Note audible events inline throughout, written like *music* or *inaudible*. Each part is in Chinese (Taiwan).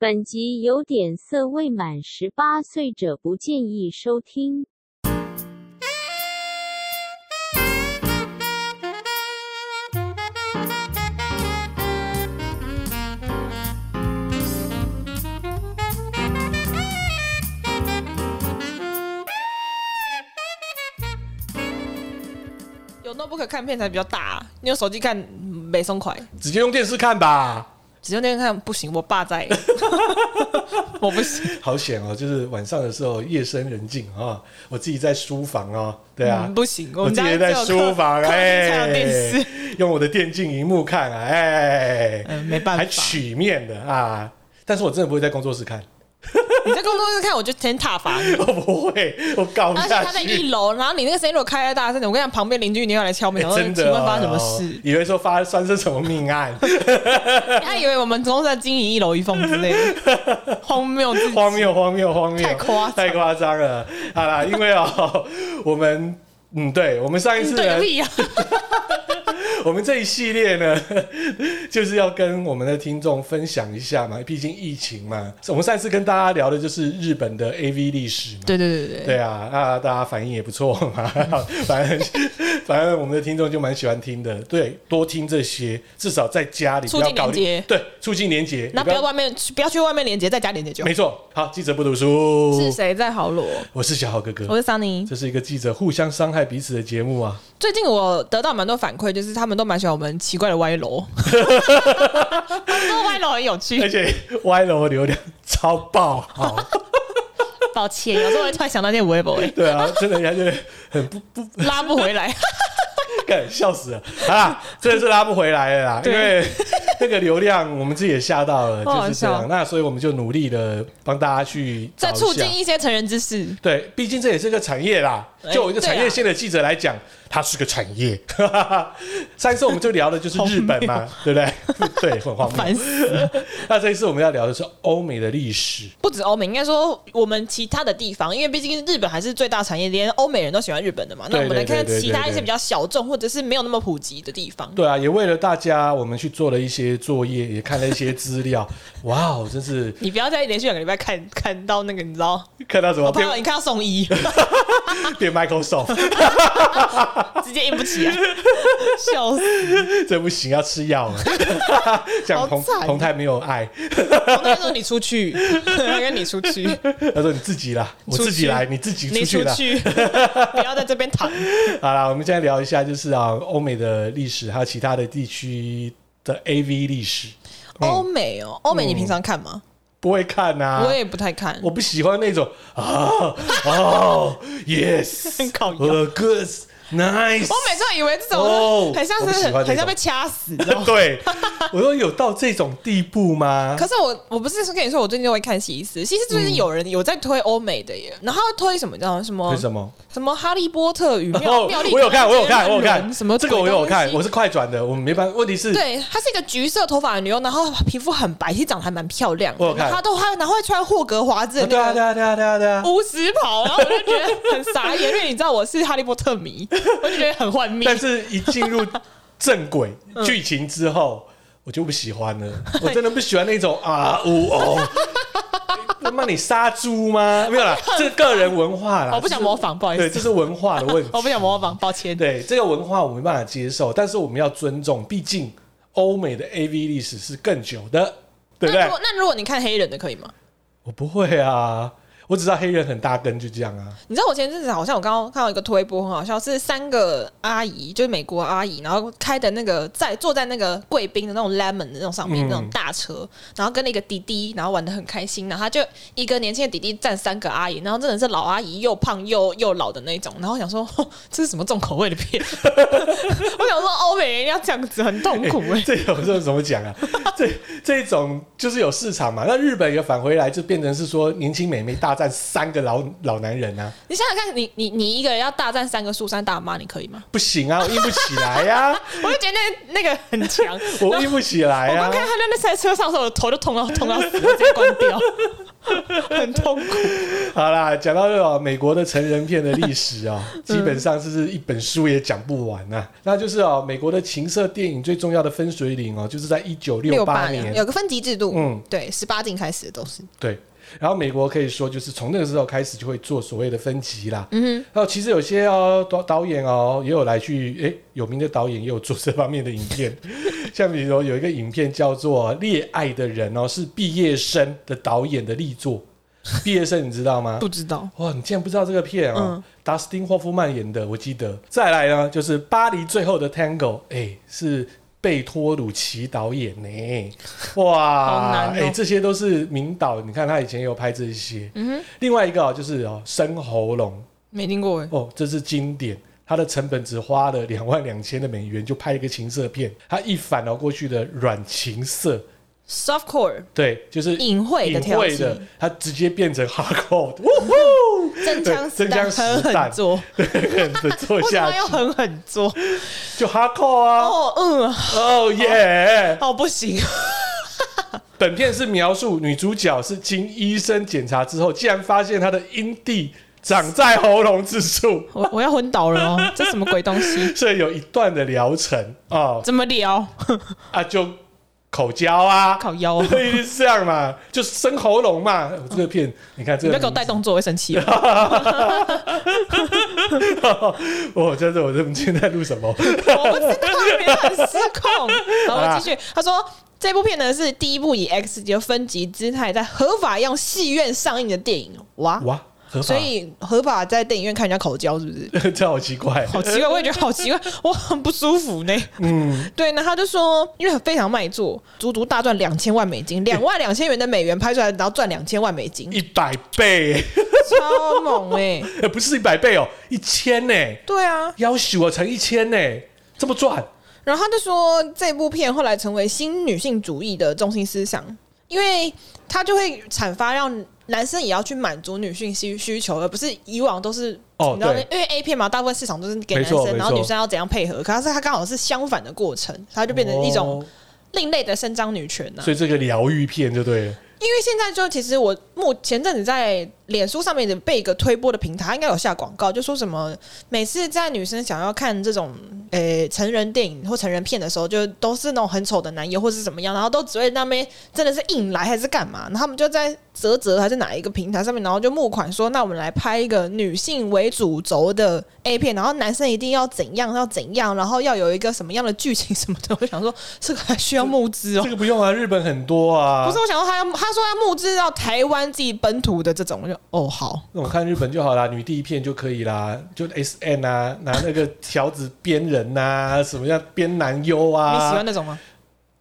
本集有點色，未滿十八歲者不建議收聽。有 Notebook 看片才比較大，你用手機看沒鬆快，直接用電視看吧。只用那天看不行，我爸在， *laughs* *laughs* 我不行。好險哦！就是晚上的時候，夜深人靜啊、哦，我自己在書房啊、哦，對啊、嗯，不行，我自己在書房，哎、欸，用我的電競熒幕看啊，哎，沒辦法，還曲面的啊，但是我真的不會在工作室看。你在工作室看我就先踏房，你。我不會，我搞不下去。而且他在一樓，然後你那個聲音如果開在大聲點，我跟你講，旁邊鄰居一定要來敲門，請、欸、問、哦哦、發生什麼事，以為說發生什麼命案，他 *laughs* 以為我們總是在經營一樓一鳳之類的，荒謬荒謬荒謬荒謬，太誇太誇張了。好了，因為哦， *laughs* 我們嗯對，對我們上一次的。嗯對個屁啊 *laughs* 我們這一系列呢，就是要跟我們的聽眾分享一下嘛，畢竟疫情嘛。我們上次跟大家聊的就是日本的 AV 歷史嘛。對對對對。對啊，啊，大家反應也不錯嘛。反正 *laughs* 反正我們的聽眾就蠻喜歡聽的。對，多聽這些，至少在家裡促進連接。對，促進連接。那不要外面，不要去外面連接，在家連接就好。沒錯。好，記者不讀書。嗯，是誰在豪洨？我是小豪哥哥。我是 Sunny。這是一個記者互相傷害彼此的節目啊。最近我得到蠻多反饋，就是他。他們都蠻喜歡我們奇怪的歪樓，說、 *laughs* 啊、歪樓很有趣，而且歪樓流量超爆。哦、 *laughs* 抱歉，有時候我會突然想到些歪歪。 *laughs* 對啊，真的，人家就很不不拉不回來，幹， *laughs* *laughs* 笑死了啊！真的是拉不回來了啦，對，因為那個流量我們自己也嚇到了不笑，就是這樣。那所以我們就努力的幫大家去在促進一些成人之事。對，畢竟這也是個產業啦。欸、就我一個產業線的記者來講。它是個產業，上一次我們就聊的就是日本嘛，對不對？對，很荒謬。 *laughs* 煩死了笑那這一次我們要聊的是歐美的歷史，不止歐美，應該說我們其他的地方，因為畢竟日本還是最大產業，連歐美人都喜歡日本的嘛。那我們來看其他一些比較小眾或者是沒有那麼普及的地方。對，對，對，對，對，對，對啊，也為了大家，我們去做了一些作業，也看了一些資料。 *laughs* 哇哦，真是！你不要再連續兩個禮拜看看到那個，你知道？看到什麼？你看到宋一點 Microsoft。 *laughs* 變 Microsoft  *laughs* 直接硬不起啊，笑死！ *laughs* 這不行，要吃藥。講洪洪泰沒有愛，洪 *laughs* 泰說：“你出去，跟你出去。”他說：“你自己啦，我自己來，你自己出去，不要在這邊躺。 *laughs* ”好了，我們現在聊一下，就是啊，歐美的歷史還有其他的地區的 A V 歷史。歐、嗯、美哦，歐美你平常看嗎、嗯？不會看啊，我也不太看，我不喜歡那種啊哦 *laughs* y e s、 *laughs* uh, g o o d Nice，我每次以為這種很像是很像被掐死，不 *laughs* 對，我有有到這種地步嗎？ *laughs* 可是我我不是說跟你說，我最近會看西斯，西斯最近有人有在推歐美的耶，然後推什麼叫什麼？什麼？什，麼什麼哈利波特與、哦、妙麗我有看，我有看，我有看，我有看，什麼？這個我有看，我是快轉的，我沒辦法。問題是，對，他是一個橘色頭髮的女優，然後皮膚很白，其實長得還蠻漂亮。她都他然後，然後，還然後還穿霍格華茲、那個，對啊對啊對啊對啊，巫師袍，然後我就覺得很傻眼， *laughs* 因為你知道我是哈利波特迷。我就覺得很幻滅， *laughs* 但是一進入正軌劇 *laughs* 情之後、嗯，我就不喜歡了。我真的不喜歡那種啊嗚 *laughs* 哦，那、哦、麼、欸、你殺豬嗎？沒有啦，這是、個、個人文化啦。我不想模仿，就是、不好意思，這、就是文化的問題。 *laughs* 我不想模仿，抱歉。對這個文化我沒辦法接受，但是我們要尊重，畢竟歐美的 AV 歷史是更久的，對不對？那、那如果你看黑人的可以嗎？我不會啊。我只知道黑人很大根就這樣啊！你知道我前陣子好像我剛剛看到一個推播很好笑，是三個阿姨，就是美國阿姨，然後開的那個在坐在那個貴賓的那種 lemon 的那種上面、嗯、那種大車，然後跟那個弟弟，然後玩的很開心，然後他就一個年輕的弟弟站三個阿姨，然後真的是老阿姨又胖又又老的那種，然後我想說這是什麼重口味的片？ *laughs* *laughs* 我想說歐美人家這樣子很痛苦哎、欸欸！這種這種怎麼講啊？ *laughs* 這這種就是有市場嘛。那日本也返回來就變成是說年輕美眉大。戰三個老老男人呢、啊？你想想看你，你你你一個人要大戰三個蘇珊大媽，你可以嗎？不行啊，我硬不起來呀、啊！ *laughs* 我就覺得那、那個很強， *laughs* 我硬不起來啊！我剛看他在那賽車上的時候，頭都痛到痛到死，直接關掉， *laughs* 很痛苦。好啦，講到這個，美國的成人片的歷史啊、喔 *laughs* 嗯，基本上就是一本書也講不完吶、啊。那就是哦、喔，美國的情色電影最重要的分水嶺哦、喔，就是在一九六八年，年有個分級制度，嗯，對，十八禁開始的都是對。然後美國可以說就是從那個時候開始就會做所謂的分級啦。嗯哼，然、哦、後其實有些哦導導演哦也有來去誒有名的導演也有做這方面的影片， *laughs* 像比如說有一個影片叫做《戀愛的人》哦，是畢業生的導演的力作。畢業生你知道嗎？ *laughs* 不知道哇，你竟然不知道這個片啊？達、嗯、斯汀霍夫曼演的，我記得。再來呢，就是《巴黎最後的 Tango》，誒是。貝托魯奇導演呢、欸？哇，哎、喔欸，這些都是名導。你看他以前有拍這一些、嗯。另外一個啊，就是哦，《深喉嚨》沒聽過、欸、哦，這是經典，它的成本只花了兩萬兩千的美元就拍一個情色片。它一反而過去的軟情色 （soft core），對，就是隱晦的、隱晦的，它直接變成 hard core。嗯真槍實彈，狠狠作，對，狠狠坐下去。為什麼要狠狠作？ *laughs* *laughs* 就哈扣啊！哦，嗯、啊 oh, yeah，哦耶！哦，不行。 *laughs* 本片是描述女主角是經醫生檢查之後，竟然發現她的陰蒂長在喉嚨之處。我我要昏倒了哦！ *laughs* 這是什麼鬼東西？所以有一段的療程啊、哦？怎麼療 *laughs* 啊就。口交啊，口腰啊，一定是這樣嘛，就生喉嚨嘛、哦。這個片，你看這個，你不要給我帶動作我會生氣嗎？我真是我認不清在錄什麼。 *laughs* 我不知道很失控，然後繼續。啊、他說，這部片呢是第一部以 X 級分級姿態在合法用戲院上映的電影。哇哇！所以合法在電影院看人家口交是不是？ *laughs* 這好奇怪，好奇怪，我也覺得好奇怪，我很不舒服呢。嗯，對。那他就說，因為非常賣座，足足大賺兩千萬美金，兩萬兩千元的美元拍出來，然後賺兩千萬美金，一百倍，欸，超猛哎，欸！不是一百倍哦，喔，一千呢？對啊，要求我成一千呢，這麼賺。然後他就說，這部片後來成為新女性主義的中心思想，因為它就會闡發讓。男生也要去滿足女性需需求，而不是以往都是哦，因為 A 片嘛，大部分市場都是給男生，然後女生要怎樣配合？可是它剛好是相反的過程，它就變成一種另類的伸張女權了。所以這個療癒片就對了。因為現在就其實我目前陣子在。臉書上面的被一個推播的平台，他應該有下廣告，就說什麼每次在女生想要看這種誒、欸、成人電影或成人片的時候，就都是那種很醜的男優或是怎麼樣，然後都只會那邊真的是硬來還是幹嘛？然後他們就在嘖嘖還是哪一個平台上面，然後就募款說，那我們來拍一個女性為主軸的 A 片，然後男生一定要怎樣要怎樣，然後要有一個什麼樣的劇情什麼的。我想說這個還需要募資哦、喔，這個不用啊，日本很多啊。不是我想說他要他說要募資到台灣自己本土的這種。哦，好，那我看日本就好啦，女第一片就可以啦，就 SM 啊，拿那個條子鞭人啊， *laughs* 什麼叫鞭男優啊？你喜歡那種嗎？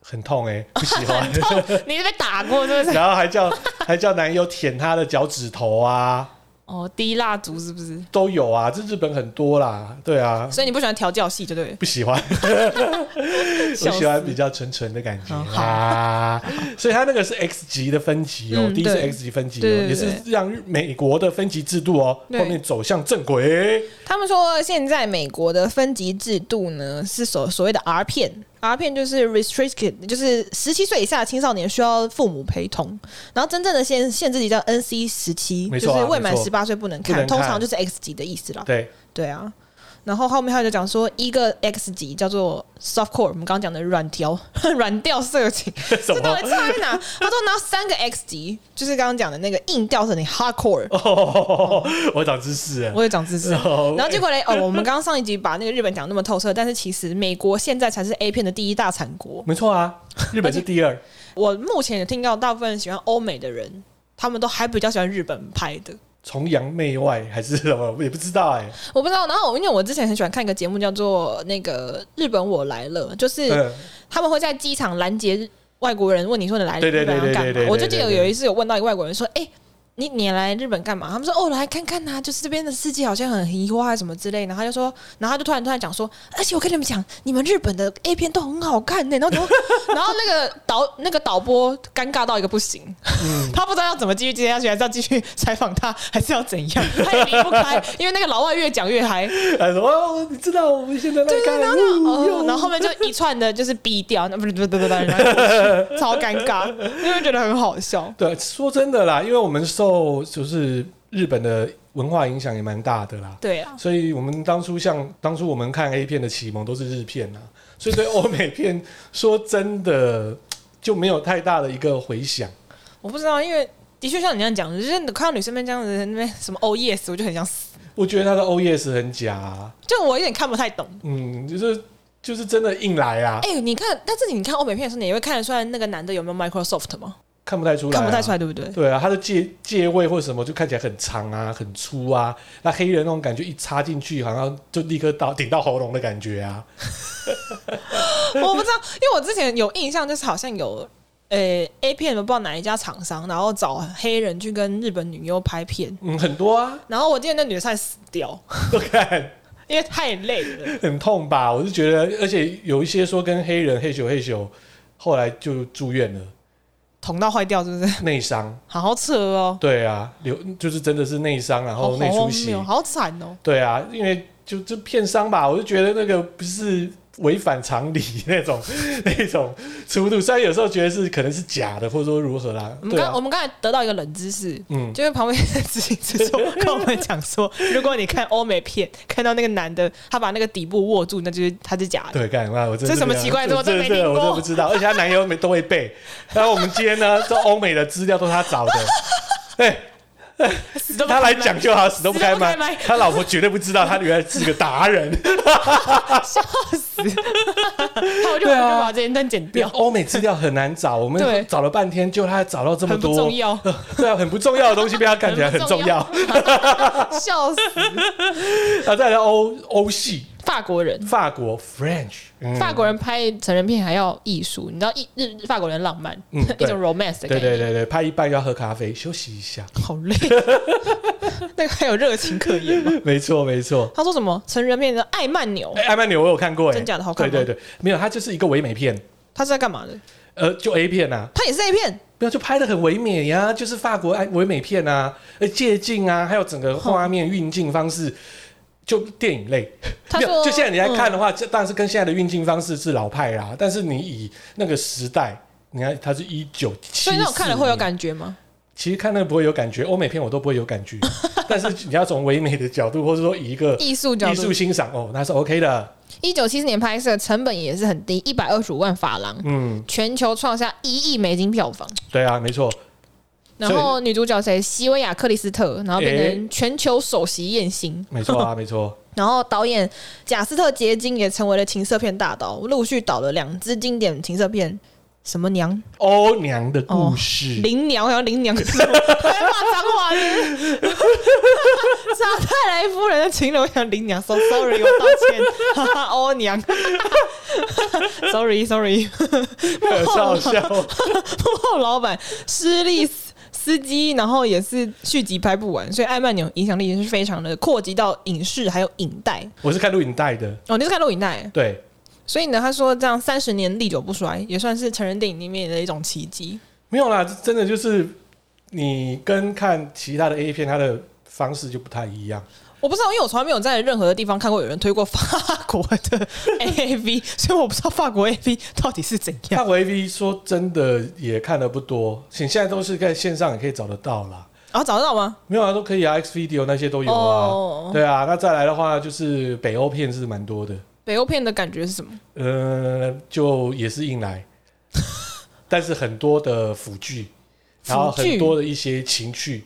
很痛哎、欸，不喜歡。 *laughs* 你是被打過，是不是？然後還叫還叫男優舔他的腳趾頭啊。 *laughs* 哦，滴蠟燭是不是都有啊？這日本很多啦，對啊。所以你不喜歡調教系，對不對？不喜歡， *laughs* *laughs* 我喜歡比較純純的感覺哈， *laughs* 所以他那個是 X 級的分級哦，嗯、第一是 X 級分級哦，也是讓美國的分級制度哦，後面走向正軌。他們說現在美國的分級制度呢，是所所謂的 R 片。R、啊、片就是 restricted，就是十七歲以下的青少年需要父母陪同。然後真正的限限制級叫 NC 十七，就是未滿十八歲不能看，通常就是 X 級的意思啦。對，對啊。然後後面他就講說，一個 X 級叫做 Soft Core，我們剛剛講的軟調軟調色情，這到底差在哪？他說拿三個 X 級，就是剛剛講的那個硬調色情 Hard Core。我長知識哎，我也長知識、哦。然後結果嘞，哦，我們剛剛上一集把那個日本講那麼透徹，但是其實美國現在才是 A 片的第一大產國，沒錯啊，日本是第二。我目前有聽到大部分喜歡歐美的人，他們都還比較喜歡日本拍的。崇洋媚外還是什麼，嗯？我也不知道哎，欸，我不知道。然後因為我之前很喜歡看一個節目，叫做《那個日本我來了》，就是他們會在機場攔截外國人，問你說你來日本要幹嘛？我就記得有一次有問到一個外國人說：“哎。”你你來日本幹嘛？他們說哦，來看看吶，啊，就是這邊的世界好像很奇幻，啊，什麼之類的。然後他就說，然後他就突然突然講說，而且我跟你們講，你們日本的 A 片都很好看呢，欸。然後然後那個導那個導播尷尬到一個不行，嗯，他不知道要怎麼繼續接下去，還是要繼續採訪他，還是要怎樣？嗯、他也離不開， *laughs* 因為那個老外越講越嗨，他、哎、說哦，你知道我們現在在幹嘛，就是，然後、哦、然後後面就一串的就是 B 掉，那不是不是不是，超尷尬， *laughs* 因為覺得很好笑。對，說真的啦，因為我們收。哦，就是日本的文化影響也蠻大的啦。對啊，所以我們當初像當初我們看 A 片的啟蒙都是日片啊。所以對歐美片說真的 *laughs* 就沒有太大的一個回響。我不知道，因為的確像你這樣講，就是你看到女生們這樣子那邊什麼 “Oh yes”，我就很想死。我覺得他的 “Oh yes” 很假啊，就我有點看不太懂。嗯，就是就是真的硬來啊！哎、欸，你看，但是你看歐美片的時候，你會看得出來那個男的有沒有 Microsoft 嗎？看不太出來、啊，看不太出來，對不對？對啊，他的借借位或者什麼，就看起來很長啊，很粗啊。那黑人那種感覺一插進去，好像就立刻到頂到喉嚨的感覺啊 *laughs* 。 *laughs* 我不知道，因為我之前有印象，就是好像有呃、欸、A 片，都不知道哪一家廠商，然後找黑人去跟日本女優拍片，嗯，很多啊。然後我見那女的在死掉，OK， *laughs* 因為太累了， *laughs* 很痛吧？我就覺得，而且有一些說跟黑人嘿咻嘿咻，後來就住院了。捅到壞掉，是不是？內傷，好好扯哦。對啊，流就是真的是內傷，然後內出血，好慘哦。對啊，因為就這片傷吧，我就覺得那個不是，違反常理那種那種粗度，雖然有時候覺得是可能是假的，或者說如何啦？我們剛、啊、我們剛才得到一個冷知識，嗯，就旁邊的是旁邊自行車坐跟我們講說，如果你看歐美片，看到那個男的他把那個底部握住，那就是他是假的。對，幹什麼？我真是這什麼奇怪東西？我，真的，我真的不知道。而且他男友都會背。然 *laughs* 後我們今天呢，這歐美的資料都是他找的。對、 *laughs* 欸。他來講就好，死都不開麥。他老婆絕對不知道，他原來是個達人，笑，笑死！ *laughs* 對啊，把這件單剪掉，歐美資料很難找， *laughs* 我們找了半天，就他找到這麼多， *laughs* 對啊，很不重要的東西被他看起來很重要，笑，笑死！他在歐歐系。法國人，法國 French，、嗯、法國人拍成人片還要藝術，你知道，日日法國人浪漫，嗯、 *laughs* 一種 romance 的感覺。對對對，對拍一半要喝咖啡休息一下，好累。 *laughs* *laughs* 那個還有熱情可言 *laughs* 沒錯沒錯。他說什麼成人片的《艾曼紐。艾、欸、曼紐我有看過、欸，哎，真假的好看。對對對，沒有，他就是一個唯美片。他是在幹嘛的？呃，就 A 片吶、啊。他也是 A 片，不要就拍得很唯美呀，啊，就是法國愛唯美片啊，哎，借鏡啊，還有整個畫面運鏡、嗯、方式。就電影類， *laughs* 就現在你來看的話，這、嗯、當然是跟現在的運鏡方式是老派啦。但是你以那個時代，你看它是一九七四，所以那種看了會有感覺嗎？其實看那個不會有感覺，歐 *laughs* 美片我都不會有感覺。 *laughs* 但是你要從唯美的角度，或是說以一個藝術角度，藝術欣賞哦，那是 OK 的。一九七四年拍攝，成本也是很低，一百二十五萬法郎。嗯，全球創下一億美金票房。對啊，沒錯。然後女主角誰？西薇亞·克里斯特，然後變成全球首席艷星。欸嗯、沒錯啊，沒錯。然後導演賈斯特·杰金也成為了情色片大導，陸續導了兩支經典情色片，什麼娘？歐娘的故事，哦、林娘好像林娘是罵髒話！是啊，查泰萊夫人的情人像林娘。So sorry，我道歉。哈哈，歐娘。Sorry，Sorry， *laughs* 太 sorry. 好笑了。幕 *laughs* 後老闆失利。司機，然後也是續集拍不完，所以艾曼紐影響力也是非常的，擴及到影視還有影帶。我是看錄影帶的，哦，你是看錄影帶？對。所以呢，他說這樣三十年歷久不衰，也算是成人電影裡面的一種奇蹟。沒有啦，真的就是你跟看其他的 A 片，它的。方式就不太一樣，我不知道，因為我從來沒有在任何的地方看過有人推過法國的 A V， *laughs* 所以我不知道法國 A V 到底是怎樣。法國 A V 說真的也看的不多，現現在都是在線上也可以找得到啦。啊，找得到嗎？沒有啊，都可以啊，X Video 那些都有啊、哦。對啊，那再來的話就是北歐片是蠻多的。北歐片的感覺是什麼？嗯、呃，就也是硬來， *laughs* 但是很多的輔具，然後很多的一些情趣。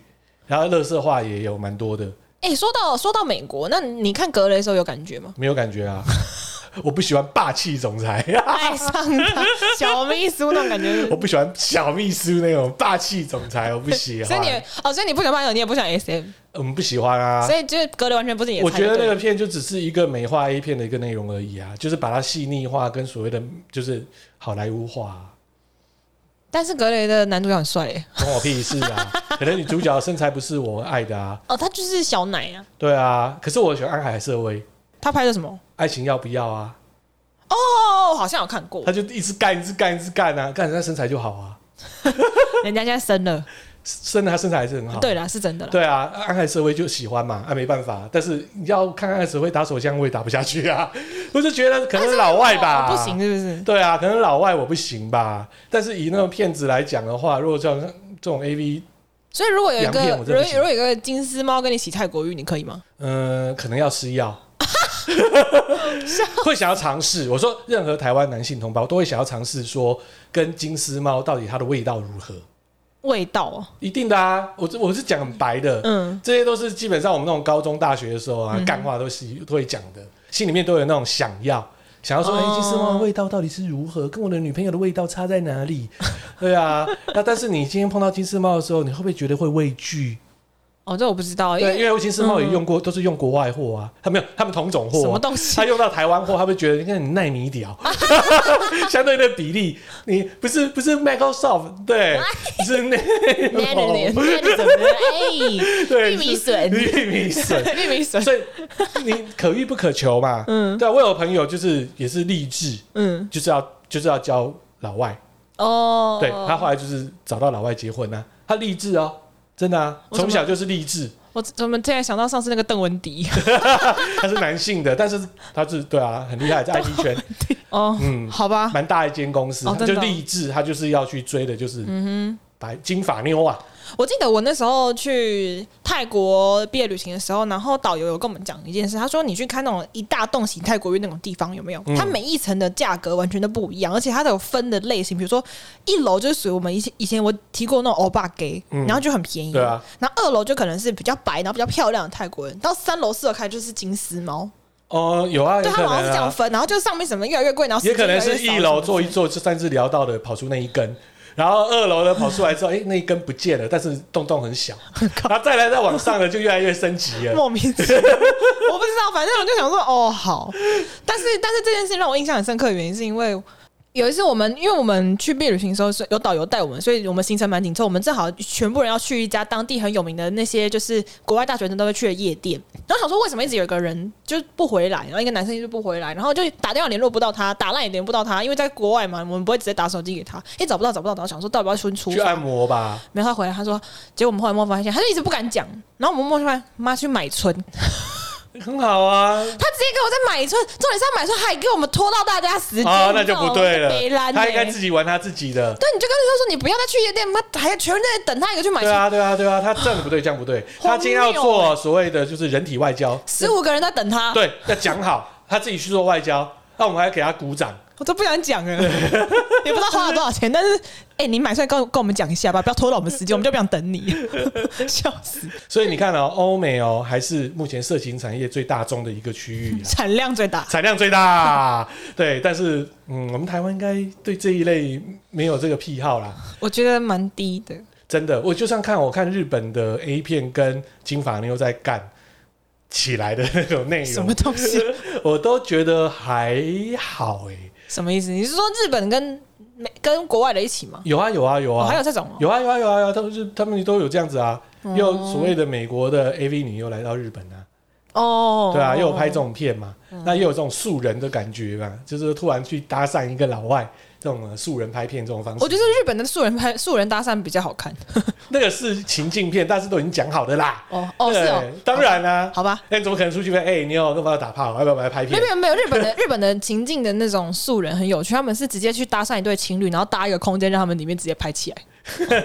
然後，垃圾話也有蠻多的、欸。哎，說到說到美國，那你看格雷的時候有感覺嗎？沒有感覺啊， *laughs* 我不喜歡霸氣總裁愛、啊、上他小秘書那種感覺。 *laughs* 我不喜歡小秘書那種霸氣總裁，我不喜歡。所以你哦，所以你不喜歡霸氣，你也不想 SM？們、嗯、不喜歡啊。所以就是格雷完全不是你，我覺得那個片就只是一個美化 A 片的一個內容而已啊，就是把它細膩化，跟所謂的就是好萊塢化、啊。但是格雷的男主角很帥，關我屁事啊！ *laughs* 可能女主角的身材不是我愛的啊。哦，他就是小奶啊。對啊，可是我喜歡安海瑟薇。他拍的什麼？愛情要不要啊？哦，好像有看過。他就一直幹，一直幹，一直幹啊，幹人家身材就好啊。 *laughs* 人家現在生了。 *laughs* 的，他身材還是很好，對啦，是真的。對啊，暗害社會就喜歡嘛，啊，沒辦法。但是你要看看社會，打手槍，我也打不下去啊。我就是、覺得可能是老外吧，不行是不是？對啊，可能老外我不行吧。但是以那種騙子來講的話，如果像這種 A V，所以如果有一個如如果有一個金絲貓跟你洗泰國浴，你可以嗎？嗯，可能要吃藥。 *laughs* 會想要嘗試。我說，任何台灣男性同胞我都會想要嘗試，說跟金絲貓到底它的味道如何。味道哦，一定的啊！我這我是講很白的，嗯，這些都是基本上我們那種高中、大學的時候啊，幹、嗯、話都是都會講的，心裡面都有那種想要想要說，哎、嗯欸，金絲貓的味道到底是如何，跟我的女朋友的味道差在哪裡？ *laughs* 對啊，那但是你今天碰到金絲貓的時候，你會不會覺得會畏懼？哦，這我不知道。欸、對，因為我其實是貿易也用過、嗯，都是用國外貨啊。他沒有，他們同種貨、啊。什麼東西？他用到台灣貨，他會覺得你看奈米屌。 *laughs* 相對的比例，你不是不是 Microsoft 對，Why? 是那個不是怎麼的？哎，玉米筍，玉米筍，玉米筍，所以你可遇不可求嘛。 *laughs* 嗯，對，我有朋友就是也是立志，嗯，就是要就是要交老外。哦，對，他後來就是找到老外結婚呢、啊，他立志哦。真的啊，從小就是勵志。我怎麼突然想到上次那個鄧文迪 *laughs* ？他是男性的， *laughs* 但是他是對啊，很厲害，在 IT 圈。哦，嗯，好吧，蠻大一間公司，哦、就勵志，他就是要去追的，就是嗯白金髮妞啊。我記得我那時候去泰國畢業旅行的時候，然後導遊有跟我們講一件事，他說，你去看那種一大棟型泰國浴那種地方有沒有？嗯、它每一層的價格完全都不一樣，而且它都有分的類型，比如說一樓就是屬於我們以前以前我提過那種歐巴給，然後就很便宜，對啊，然後二樓就可能是比較白然後比較漂亮的泰國人，到三樓四樓開就是金絲貓，哦、嗯、有啊，對啊，它好像是這樣分，然後就上面什麼越來越貴，然後越越也可能是一樓坐一坐就上次聊到的跑出那一根，然後二樓的跑出來之後，哎、欸，那一根不見了，但是洞洞很小。然後再來再往上呢，就越來越升級了。 *laughs* 莫名其妙，我不知道，反正我就想說，哦，好。但是但是這件事讓我印象很深刻的原因是因為有一次，我們因為我們去畢業旅行的時候是有導遊帶我們，所以我們行程蠻緊湊。我們正好全部人要去一家當地很有名的那些就是國外大學生都會去的夜店，然後想說為什麼一直有個人就不回來，然後一個男生一直不回來，然後就打電話聯絡不到他，打 Line 也聯不到他，因為在國外嘛，我們不會直接打手機給他，也找不到找不到，然後想說到底要出出按摩吧，沒法回來，他說結果我們後來摸發現，他就一直不敢講，然後我們摸出來媽去買春。呵呵很好啊，他直接給我再買一串，重點是要買一串，還給我們拖到大家時間，哦、啊，那就不對了。欸、他應該自己玩他自己的。對，你就跟他說說，你不要再去夜店，他還要全在等他一個去買。對啊，對啊，對啊，他這樣不對，啊，這樣不對，他今天要做所謂的就是人體外交，十五、欸、個人在等他，對， *laughs* 要講好，他自己去做外交，那我們還要給他鼓掌。我都不想講了，也不知道花了多少錢，但是哎、欸，你買出來跟跟我們講一下吧，不要拖到我們時間，我們就不想等你，笑死。所以你看哦，歐美哦、喔，還是目前色情產業最大宗的一個區域，產量最大，產量最大，對。但是嗯，我們台灣應該對這一類沒有這個癖好啦，我覺得蠻低的。真的，我就算看我看日本的 A 片跟金髮妞在幹起來的那種內容，什麼東西，我都覺得還好哎、欸。什麼意思？你是說日本跟美跟國外的一起嗎？有啊有啊有啊、哦，還有這種嗎？有啊有啊有啊，有啊，他們是他們都有這樣子啊，嗯、又所謂的美國的 AV 女又來到日本啊，哦、嗯，對啊，又有拍這種片嘛，嗯、那又有這種素人的感覺吧，就是突然去搭訕一個老外。這種素人拍片這種方式，我覺得日本的素人拍素人搭訕比較好看 *laughs* 那個是情境片，但是都已經講好的啦。哦哦，哦，是哦當然啦、啊，好吧。那、欸、怎麼可能出去拍？哎、欸，你有要不要打炮？要不要來拍片？沒有沒有，日本的 *laughs* 日本的情境的那種素人很有趣，他們是直接去搭訕一對情侶，然後搭一個空間，讓他們裡面直接拍起來。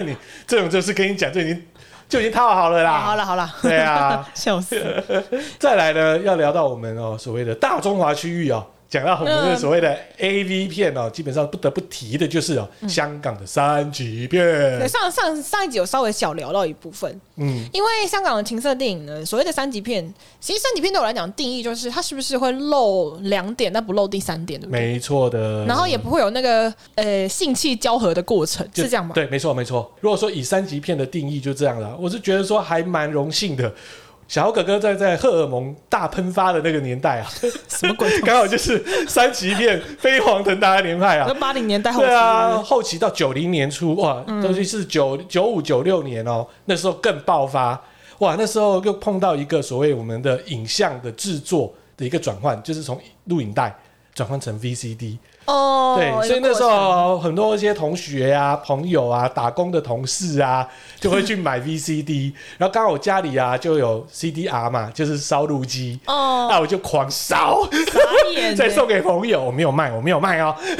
*laughs* 這種就是跟你講就已經就已經套好了啦。哦、好了好了，對啊，笑，笑死了。 *laughs* 再來呢，要聊到我們哦、喔，所謂的大中華區域哦、喔。講到很多的所謂的 AV 片哦、嗯，基本上不得不提的就是哦，嗯、香港的三級片。對，上上上一集有稍微小聊到一部分。嗯，因為香港的情色電影呢，所謂的三級片，其實三級片對我來講定義就是它是不是會露兩點，但不露第三點的。沒錯的。然後也不會有那個、嗯、呃性器交合的過程，是這樣嗎？對，沒錯沒錯。如果說以三級片的定義就這樣了，我是覺得說還蠻榮幸的。小哥哥在在荷爾蒙大噴發的那個年代啊，什麼鬼？剛好就是三級片飛黃騰達的年代啊，八零年代後期是不是？對啊，後期到九零年初，哇，尤、嗯、其是九九五九六年哦、喔，那時候更爆發，哇，那時候又碰到一個所謂我們的影像的制作的一個轉換，就是從錄影帶轉換成 VCD。哦、oh,，對、欸，所以那時候很多一些同學啊、朋友啊、打工的同事啊，就會去買 VCD。 *laughs* 然後剛好我家裡啊就有 CDR 嘛，就是燒錄機。哦，那我就狂燒，再 *laughs* 送給朋友。我沒有賣，我沒有賣哦、喔，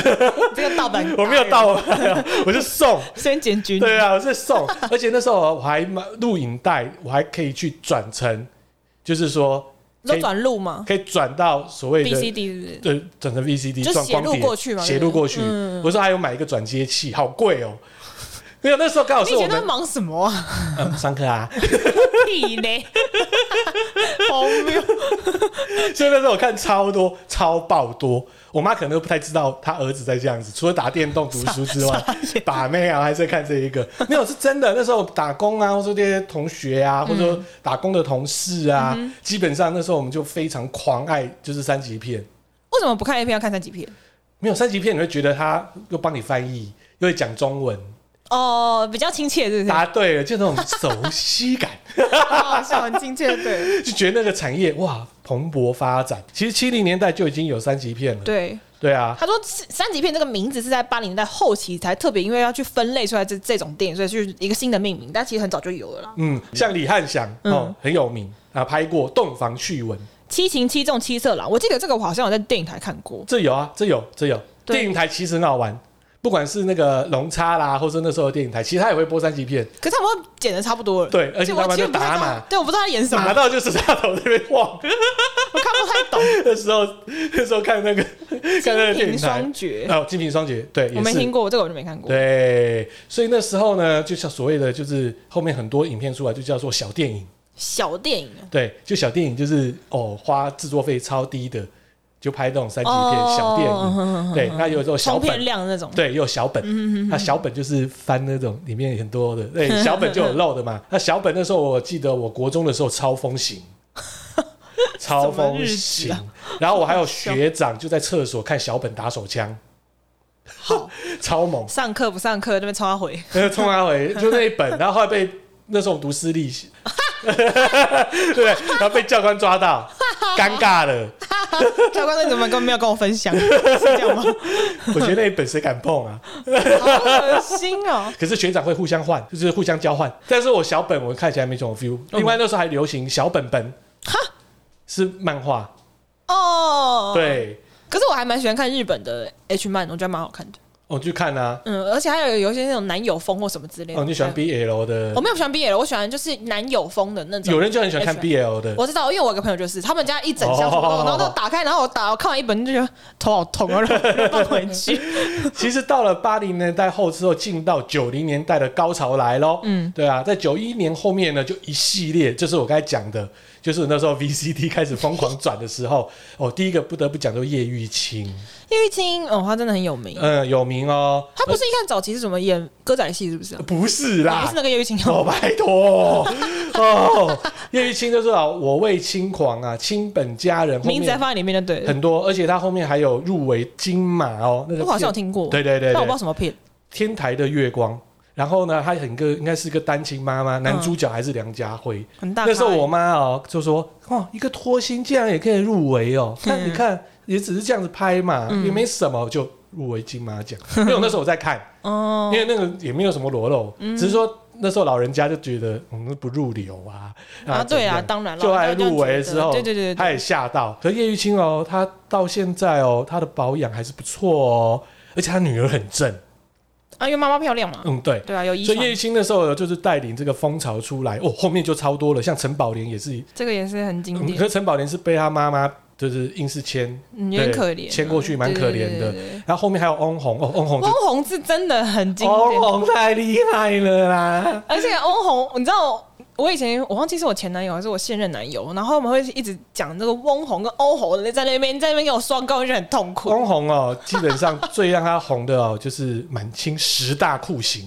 *laughs* 這個盜版、欸，我沒有盜版、喔，我就送。 *laughs* 先剪輯，對啊，我是送。 *laughs* 而且那時候我還買錄影帶，我還可以去轉成，就是說。轉路嘛，可以轉到所謂的 VCD，對，轉成 VCD，就斜路過去嘛，斜路過去。我、嗯、說還有買一個轉接器，好貴哦、喔。 *laughs* 沒有那時候剛好是我，你以前在忙什麼？啊？嗯、上課啊。呢？ *laughs* *laughs* 好牛妙！ *laughs* 所以那時候我看超多，超爆多。我媽可能都不太知道她兒子在這樣子，除了打電動、讀書之外，把 *laughs* 妹啊，還是在看這一個。沒有是真的，那時候打工啊，或者這些同學啊，或者說打工的同事啊，嗯、基本上那時候我們就非常狂愛，就是三級片。為什麼不看 A 片，要看三級片？沒有三級片，你會覺得他又幫你翻譯，又會講中文。哦、呃，比較親切，是不是？答對了，就那種熟悉感，像很親切，對，就覺得那個產業哇蓬勃發展。其實七零年代就已經有三級片了，對對啊。他說三級片這個名字是在八零年代後期才特別，因為要去分類出來這這種電影，所以就是一個新的命名。但其實很早就有了，嗯，像李翰祥、嗯、哦很有名啊，拍過《洞房趣聞》《七擒七縱七色狼》。我記得這個我好像有在電影台看過，這有啊，這有這有電影台其實很好玩。不管是那個龍叉啦，或者那時候的電影台，其實他也會播三級片，可是他們都剪的差不多了。對，而且他們就打碼。對，我不知道他演什麼，打到就是下頭，這邊晃，我看不太懂。那時候，那時候看那個《金瓶雙絕》哦，《金瓶雙絕》對，我沒聽過，我這個我就沒看過。對，所以那時候呢，就像所謂的，就是後面很多影片出來，就叫做小電影。小電影。對，就小電影就是哦，花制作費超低的。就拍那種三級片小店、小電影，對，那有這種小本，片亮那種，對，有小本，嗯、哼哼那小本就是翻那種裡面很多的，對，小本就有漏的嘛。 *laughs* 那小本那時候，我記得我國中的時候超風行， *laughs* 超風行。然後我還有學長就在廁所看小本打手槍，好，超猛。上課不上課，那邊衝阿回，衝 *laughs* 他回，就那一本。然後後來被 *laughs* 那時候我讀私立， *laughs* *laughs* 對，然後被教官抓到， *laughs* 尷尬了。 *laughs* 教官，你怎麼根本沒有跟我分享 *laughs* 是這樣嗎？我覺得那本誰敢碰啊， *laughs* 好惡噁心哦 *laughs* ！可是學長會互相換，就是互相交換。但是我小本我看起來沒什麼 feel。另外那時候還流行小本本，哈， *laughs* 是漫畫哦。對，可是我還蠻喜歡看日本的、欸、H 漫，我覺得蠻好看的。我、哦、去看啊，嗯，而且還有有一些那種男友風或什麼之類的。哦，你喜歡 BL 的？我沒有喜歡 BL，我喜歡就是男友風的那種。有人就很喜歡看 BL 的。我，我知道，因為我有個朋友就是，他們家一整箱、哦哦哦哦哦、然後都打開，然後我打，我看完一本就覺得頭好痛啊，然後放回去。 *laughs* 其實到了八零年代後之後，進到九零年代的高潮來嘍。嗯，對啊，在九一年後面呢，就一系列，就是我剛才講的。就是那時候 VCD 開始瘋狂轉的時候， *laughs* 哦，第一個不得不講就葉玉卿。葉玉卿哦，他真的很有名，嗯，有名哦。他不是一看早期是怎麼演歌仔戲是不是、啊？不是啦，也不是那個葉玉卿哦，拜托哦。葉、 *laughs* 哦、 *laughs* 玉卿就是說，我為卿狂啊，卿本佳人。 *laughs* 名字在放在裡面的對，很多，而且他後面還有入圍金馬哦，那個我好像有聽過，對對對，對，對，對，那不知道什麼片，《天台的月光》。然後呢，她很個應該是一個單親媽媽，男主角還是梁家輝。哦、很大那時候我媽哦就說：“哦，一個脫星這樣也可以入圍哦、嗯！”但你看，也只是這樣子拍嘛，嗯、也沒什麼就入圍金馬獎、嗯。因為我那時候我在看，哦，因為那個也沒有什麼裸露，嗯、只是說那時候老人家就覺得我們、嗯、不入流啊啊！對啊，當然了，就愛入圍之後，她也嚇到。可是葉玉卿哦，她到現在哦，她的保養還是不錯哦，而且她女兒很正。啊，因為媽媽漂亮嘛。嗯，對。對啊，有遺傳。所以葉玉卿那時候就是帶領這個風潮出來，哦、喔，後面就超多了，像陳寶蓮也是，這個也是很經典。可是陳寶蓮是被他媽媽就是硬是牽，嗯、很可憐、啊，牽過去蠻可憐的對對對對。然後後面還有翁虹，哦、喔，翁虹、呃，翁虹是真的很經典，翁虹太厲害了啦！而且翁虹， *laughs* 你知道？我以前我忘記是我前男友還是我現任男友，然後我們會一直講那個翁虹跟歐豪在在那邊在那邊給我雙高，我很痛苦。翁虹哦，基本上最讓他紅的哦， *laughs* 就是滿《滿清十大酷刑》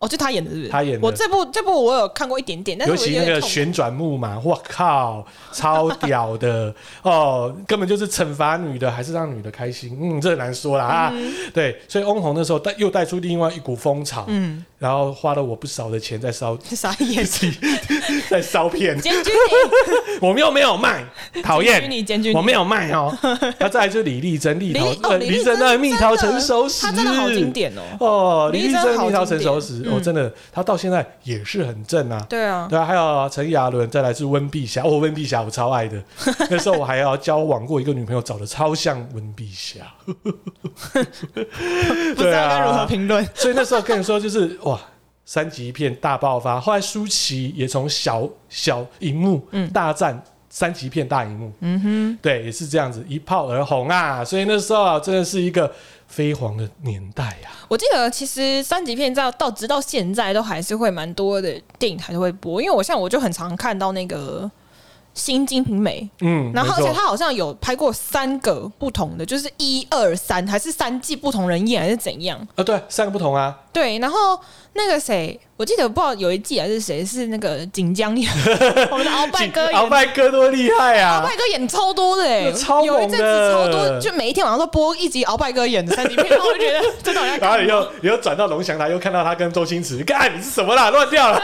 哦，就他演的是不是，他演的。我這部這部我有看過一點點，但是尤其那個旋轉木馬，我 *laughs* 靠，超屌的 *laughs* 哦，根本就是懲罰女的還是讓女的開心？嗯，這很難說了啊、嗯。對，所以翁虹那時候帶又帶出另外一股風潮。嗯。然後花了我不少的錢在燒啥演在燒片。 *laughs* 我們又沒有賣，討厭，我沒有賣哦。要、 *laughs* 啊、再來就是李麗珍、立桃，李麗珍、哦啊、的蜜桃成熟時，經典哦。哦，李麗珍，蜜桃成熟時、嗯，哦，真的，她到現在也是很正啊。對啊，對啊，還有陳雅倫，再來是溫碧霞，哦，溫碧霞，我超愛的。 *laughs* 那時候我還要、啊、交往過一個女朋友，長得超像溫碧霞， *laughs* *laughs* 對啊。該如何評論。所以那時候跟你說就是哇。三級片大爆發，後來舒淇也從小小熒幕大戰三級片大熒幕，嗯哼，對，也是這樣子一炮而紅啊，所以那時候啊，真的是一個輝煌的年代呀、啊。我記得其實三級片到到直到現在都還是會蠻多的電影台都會播，因為我像在我就很常看到那個。新金瓶梅，嗯，然後而且他好像有拍過三個不同的，就是一二三，還是三季不同人演，還是怎樣？呃、哦，對，三個不同啊。對，然後那個誰。我記得不知道有一季還是誰是那個錦江演， *laughs* 我的鰲拜哥演，鰲 *laughs* 拜哥多厲害啊、欸！鰲拜哥演超多的哎、欸，超猛的，有一陣子超多，就每一天晚上都播一集鰲拜哥演的三級片， *laughs* 然後我就覺得真的。 *laughs* 然後又又轉到龍翔台，又看到他跟周星馳，幹你是什麼啦？亂掉了！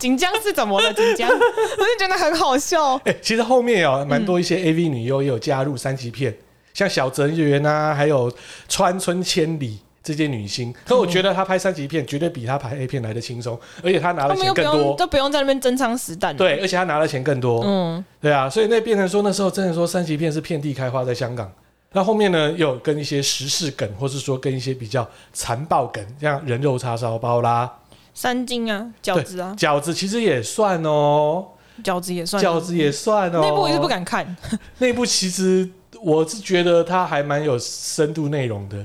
錦江是怎麼了？錦江，我就覺得很好笑、欸。其實後面有、喔、蠻多一些 AV 女優也有加入三級片，嗯、像小澤圓啊，還有川村千里。這些女星，可我覺得她拍三級片、嗯、絕對比她拍 A 片來得輕鬆，而且她拿的錢更多，都不，不用在那邊真槍實彈了。對，而且她拿的錢更多。嗯，對啊，所以那變成說那時候真的說三級片是遍地開花在香港。那後面呢，又跟一些時事梗，或是說跟一些比較殘暴梗，像人肉叉燒包啦、三斤啊、餃子啊，餃子其實也算哦，餃子也算，餃子也算哦、嗯。內部也是不敢看。 *laughs* 內部其實我是覺得它還蠻有深度內容的。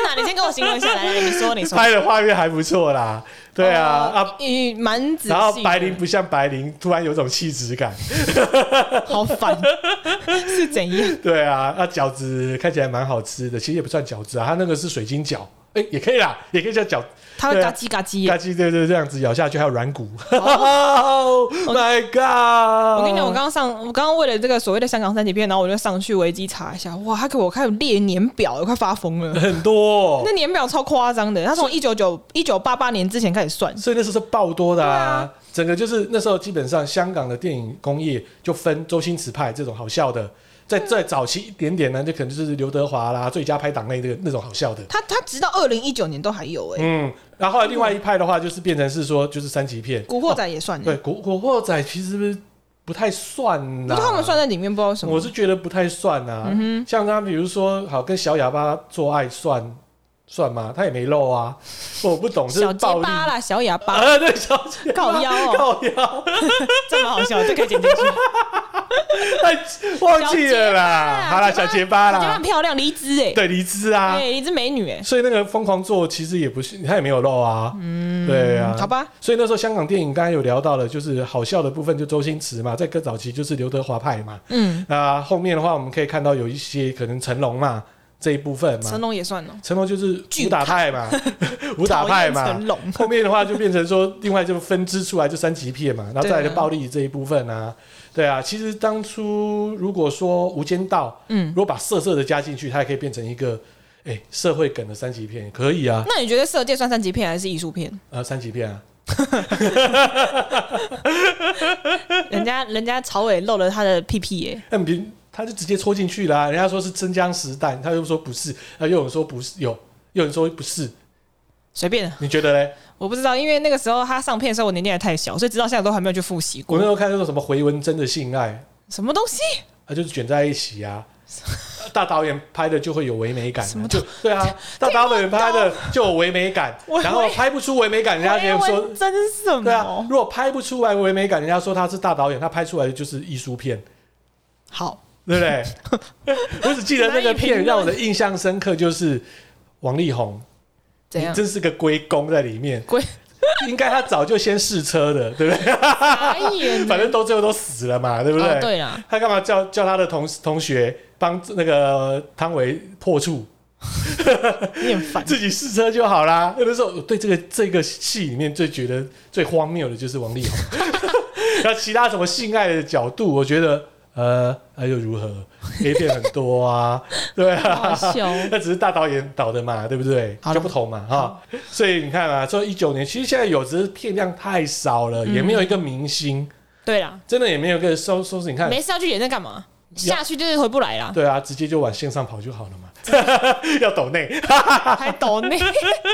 先跟我形容下來，你說你說拍的畫面還不錯啦，對啊、嗯、啊，你、嗯、蠻仔細然後白靈不像白靈，突然有種氣質感， *laughs* 好煩是怎樣？對啊，那、啊、餃子看起來蠻好吃的，其實也不算餃子啊，它那個是水晶餃，哎、欸，也可以啦，也可以叫餃，它會嘎嘰嘎嘰嘎嘰，對對，對對，這樣子咬下去還有軟骨、哦、 *laughs* ，Oh my god！我跟你講，我剛剛上我剛剛為了這個所謂的香港三級片，然後我就上去維基查一下，哇，他給我開始列年表，我快發瘋了，很多。那年表超誇張的，他從一九九、一九八八年之前開始算，所以那時候是爆多的啊，啊。整個就是那時候基本上香港的電影工業就分周星馳派這種好笑的，再、嗯、再早期一點點呢，就可能就是劉德華啦，最佳拍檔類那個那種好笑的。他他直到二零一九年都還有哎、欸。嗯，然後，後另外一派的話就是變成是說就是三級片，古惑仔也算了、哦。對，古古惑仔其實不太算啊。那他們算在裡面不知道什麼？我是覺得不太算啊。嗯哼，像他們比如說好跟小啞巴做愛算。算嗎？他也沒露啊，我不懂。小結巴啦，小啞巴。呃、啊，對，小靠腰，高腰，喔，妖 *laughs* *laughs* 這麼好笑，就可以剪進去。忘記了啦，啦，好啦，結小結巴啦，巴漂亮，黎姿哎，對，黎姿啊，哎，欸，黎姿美女哎，欸，所以那個瘋狂做其實也不是，他也沒有露啊，嗯，對啊。好吧。所以那時候香港電影剛剛有聊到了，就是好笑的部分，就周星馳嘛，在更早期就是劉德華派嘛，嗯，那，啊、後面的話我們可以看到有一些可能成龍嘛。這一部分嘛，成龍也算了。成龍就是武打派嘛，武打派嘛，成龍。後面的話就變成說，另外就分支出來就三級片嘛，啊、然後再來就暴力這一部分啊，對啊。其實當初如果說《無間道》，嗯，如果把色色的加進去，它也可以變成一個，哎、欸，社會梗的三級片，可以啊。那你覺得《色戒》算三級片還是藝術片？呃，三級片啊。 *laughs* 人家人家朝偉露了他的屁屁耶、欸。嗯他就直接戳進去了、啊。人家說是真槍實彈，他又說不是。啊，有人說不是有，有人說不是，隨便。你覺得嘞？我不知道，因為那個時候他上片的時候，我年紀還太小，所以直到現在都還沒有去複習過。我那時候看那個什麼回文真的性愛，什麼東西？啊，就是捲在一起呀、啊。大導演拍的就會有唯美感、啊什麼，就對啊。大導演拍的就有唯美感，然後拍不出唯美感，人家直接說真是什麼？對啊，如果拍不出來唯美感，人家說他是大導演，他拍出來的就是藝術片。好。對不對？ *laughs* 我只記得那個片讓我的印象深刻就是王力宏，你真是個龜公在裡面，龜 *laughs* 應該他早就先試車的，對不對？反正都最後都死了嘛，對不對？啊、對，他干嘛叫叫他的同同學幫那個湯唯破處？ *laughs* 很煩 *laughs* 自己試車就好啦。有的時候我對這個這個戲裡面最覺得最荒謬的就是王力宏， *laughs* *laughs* 然後其他什麼性愛的角度，我覺得。呃，啊、又如何？A 片很多啊， *laughs* 對啊，那 *laughs* 只是大導演導的嘛，對不對？就不同嘛，哈。所以你看啊，說一九年，其實現在有，只是片量太少了，嗯，也沒有一個明星，對啦，真的也沒有一個收收視。你看，沒事要去演在幹嘛？下去就是回不來了。對啊，直接就往線上跑就好了嘛。 *laughs* 要抖內內， *laughs* 還抖內內。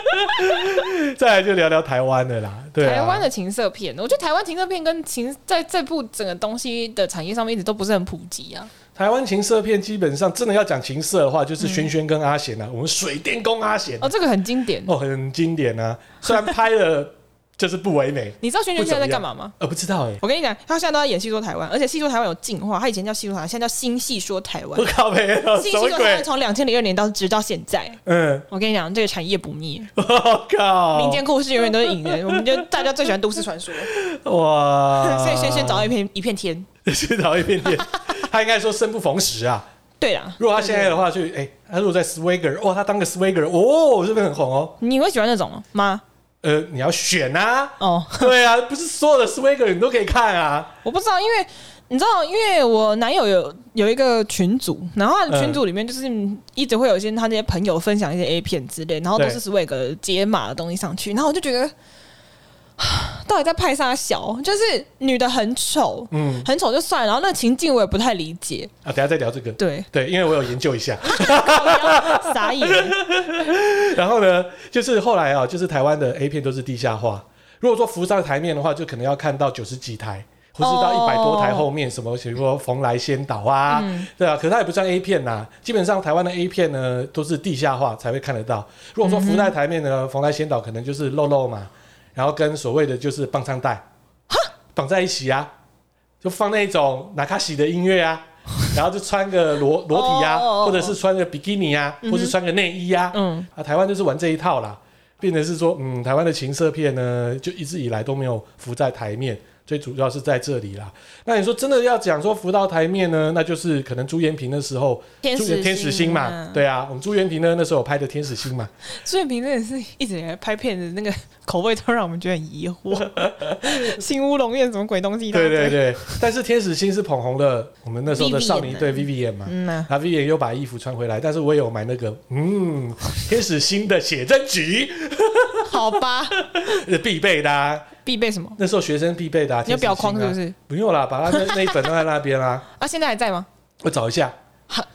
*laughs* *laughs* 再來就聊聊台灣的啦。對啊、台灣的情色片，我覺得台灣情色片跟情在這部整個東西的產業上面，一直都不是很普及啊。台灣情色片基本上真的要講情色的話，就是軒軒跟阿賢啊、嗯，我們水電工阿賢。哦，這個很經典哦，很經典啊。雖然拍了。 *laughs* 就是不唯美，你知道軒軒現在在幹嘛嗎？呃、哦，不知道哎、欸。我跟你講，他現在都在演《戲說台灣》，而且《戲說台灣》有進化，他以前叫《戲說台灣》，現在叫《新戲說台灣》。我靠沒了，新戲說台灣從兩千零二年到直到現在。嗯，我跟你講，這個產業不滅。我、嗯哦、靠，民間故事永遠都是演員。 *laughs* 我們就大家最喜歡都市傳說。哇！所以軒軒找一片一片天，先找一片天 *laughs* 他應該說生不逢時啊。對啊。如果他現在的話就，就哎、欸，他如果在 Swagger，哇、哦，他當個 Swagger，哦，我這邊很紅哦。你會喜歡那種嗎？呃，你要選啊！哦，對啊， *laughs* 不是所有的 Swag 你都可以看啊！我不知道，因為你知道，因為我男友有有一個群組，然後他的群組裡面就是、嗯、一直會有一些他那些朋友分享一些 A 片之類，然後都是 Swag 解碼的東西上去，然後我就覺得。到底在拍啥小？就是女的很醜，嗯，很醜就算了。然後那個情境我也不太理解啊。等下再聊這個。對對，因為我有研究一下，傻、啊、眼。 *laughs* 然後呢，就是後來啊，就是台灣的 A 片都是地下化。如果說浮上台面的話，就可能要看到九十幾台，或是到一百多台後面，哦，什麼比如說、啊《蓬萊仙島啊，對啊，可它也不算 A 片吶、啊。基本上台灣的 A 片呢都是地下化才會看得到。如果說浮在台面呢，嗯《蓬萊仙島可能就是露露嘛。然後跟所謂的就是棒棒帶綁在一起啊，就放那種拿卡西的音樂啊， *laughs* 然後就穿個裸裸體啊，oh, oh, oh, oh. 或者是穿個比基尼啊，mm -hmm. 或者是穿個內衣啊嗯，mm -hmm. 啊，台灣就是玩這一套啦，變成是說，嗯，台灣的情色片呢，就一直以來都沒有浮在台面。最主要是在這裡啦。那你說真的要講說浮到台面呢，那就是可能朱延平的時候，天使、啊、天使星嘛，對啊，我們朱延平呢那時候有拍的天使星嘛。朱延平真的是一直拍片子，那個口味都讓我們覺得很疑惑。 *laughs* 新烏龍院什麼鬼東西？對對對。 *laughs* 但是天使星是捧紅了我們那時候的少年隊 v v m 嘛，嗯、啊 v v m 又把衣服穿回來，但是我也有買那個嗯，天使星的寫真集。 *laughs* 好吧，是必備的、啊。必備什麼？那時候學生必備的、啊，要、啊、裱框是不是？不用了，把它那，那一本放在那邊啦。啊， *laughs* 啊現在還在嗎？我找一下。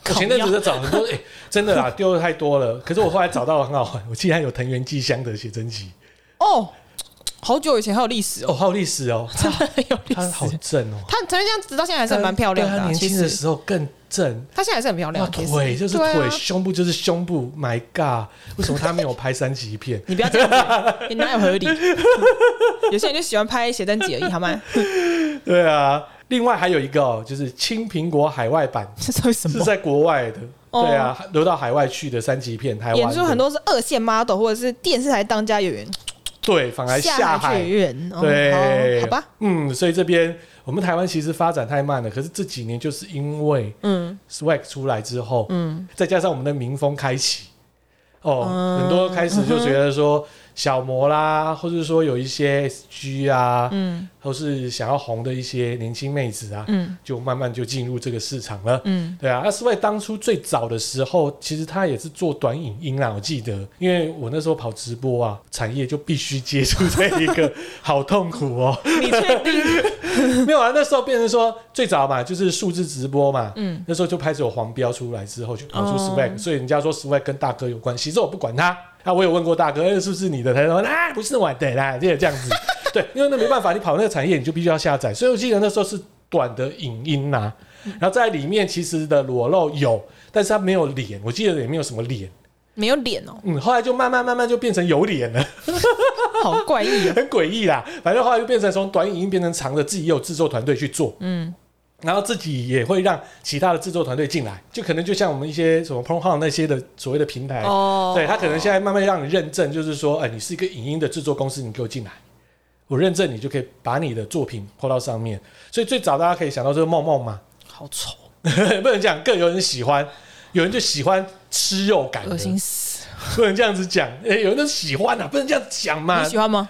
前陣子找很多，哎、 *laughs* 欸，真的啦，丟的太多了。可是我後來找到很好玩，我竟然有藤原紀香的寫真集 *laughs* 哦。好久以前還有歷史、喔、哦，還有歷史哦、喔，他 *laughs* 真的很有歷史，他好正哦、喔。他陳玉章直到現在還是蠻漂亮的，他他年輕的時候更正，他現在還是很漂亮。腿就是腿、啊，胸部就是胸部，My God，為什麼他沒有拍三級片？你不要這樣、欸 *laughs* 欸，你哪有合理？ *laughs* 有些人就喜歡拍寫真集而已，好嗎？ *laughs* 對啊，另外還有一個、喔、就是青蘋果海外版， *laughs* 這是什麼？是在國外的，對啊，哦、流到海外去的三級片，台灣演出很多是二線 model 或者是電視台當家演員。對，反而下海，下海對、哦好，好吧，嗯，所以這邊我們台灣其實發展太慢了，可是這幾年就是因為，嗯，swag 出來之後，嗯，再加上我們的民風開啟，哦、嗯，很多開始就覺得說。嗯小模啦，或者說有一些 S G 啊，嗯，或是想要紅的一些年輕妹子啊，嗯，就慢慢就進入這個市場了，嗯，對啊。那 s w a g 當初最早的時候，其實他也是做短影音啊，我記得，因為我那時候跑直播啊，產業就必須接觸這一個， *laughs* 好痛苦哦、喔。你確定？ *laughs* 沒有啊，那時候變成說最早嘛，就是數字直播嘛，嗯，那時候就拍出黃標出來之後，就跑出 s w a g 所以人家說 s w a g 跟大哥有關係，其實我不管他。那、啊、我也問過大哥，哎、欸，是不是你的？他說啊，不是我的啦、啊，這樣子。 *laughs* 對，因為那沒辦法，你跑那個產業，你就必須要下載。所以我記得那時候是短的影音，音啊，然後在裡面其實的裸露有，但是它沒有臉，我記得也沒有什麼臉，沒有臉哦。嗯，後來就慢慢慢慢就變成有臉了， *laughs* 好怪異、啊、很詭異啦。反正後來就變成從短影音，音變成長的，自己也有制作團隊去做。 *laughs* 嗯。然後自己也會讓其他的制作團隊進來，就可能就像我們一些什麼 p r o 號那些的所謂的平台，oh、對他可能現在慢慢讓你認證，就是說，哎、呃，你是一個影音的制作公司，你給我進來，我認證你就可以把你的作品拖到上面。所以最早大家可以想到這個夢夢嘛，好醜， *laughs* 不能講，更有人喜歡，有人就喜歡吃肉感，噁心死，不能這樣子講，哎、欸，有人都喜歡啊，不能這樣講嘛，你喜歡嗎？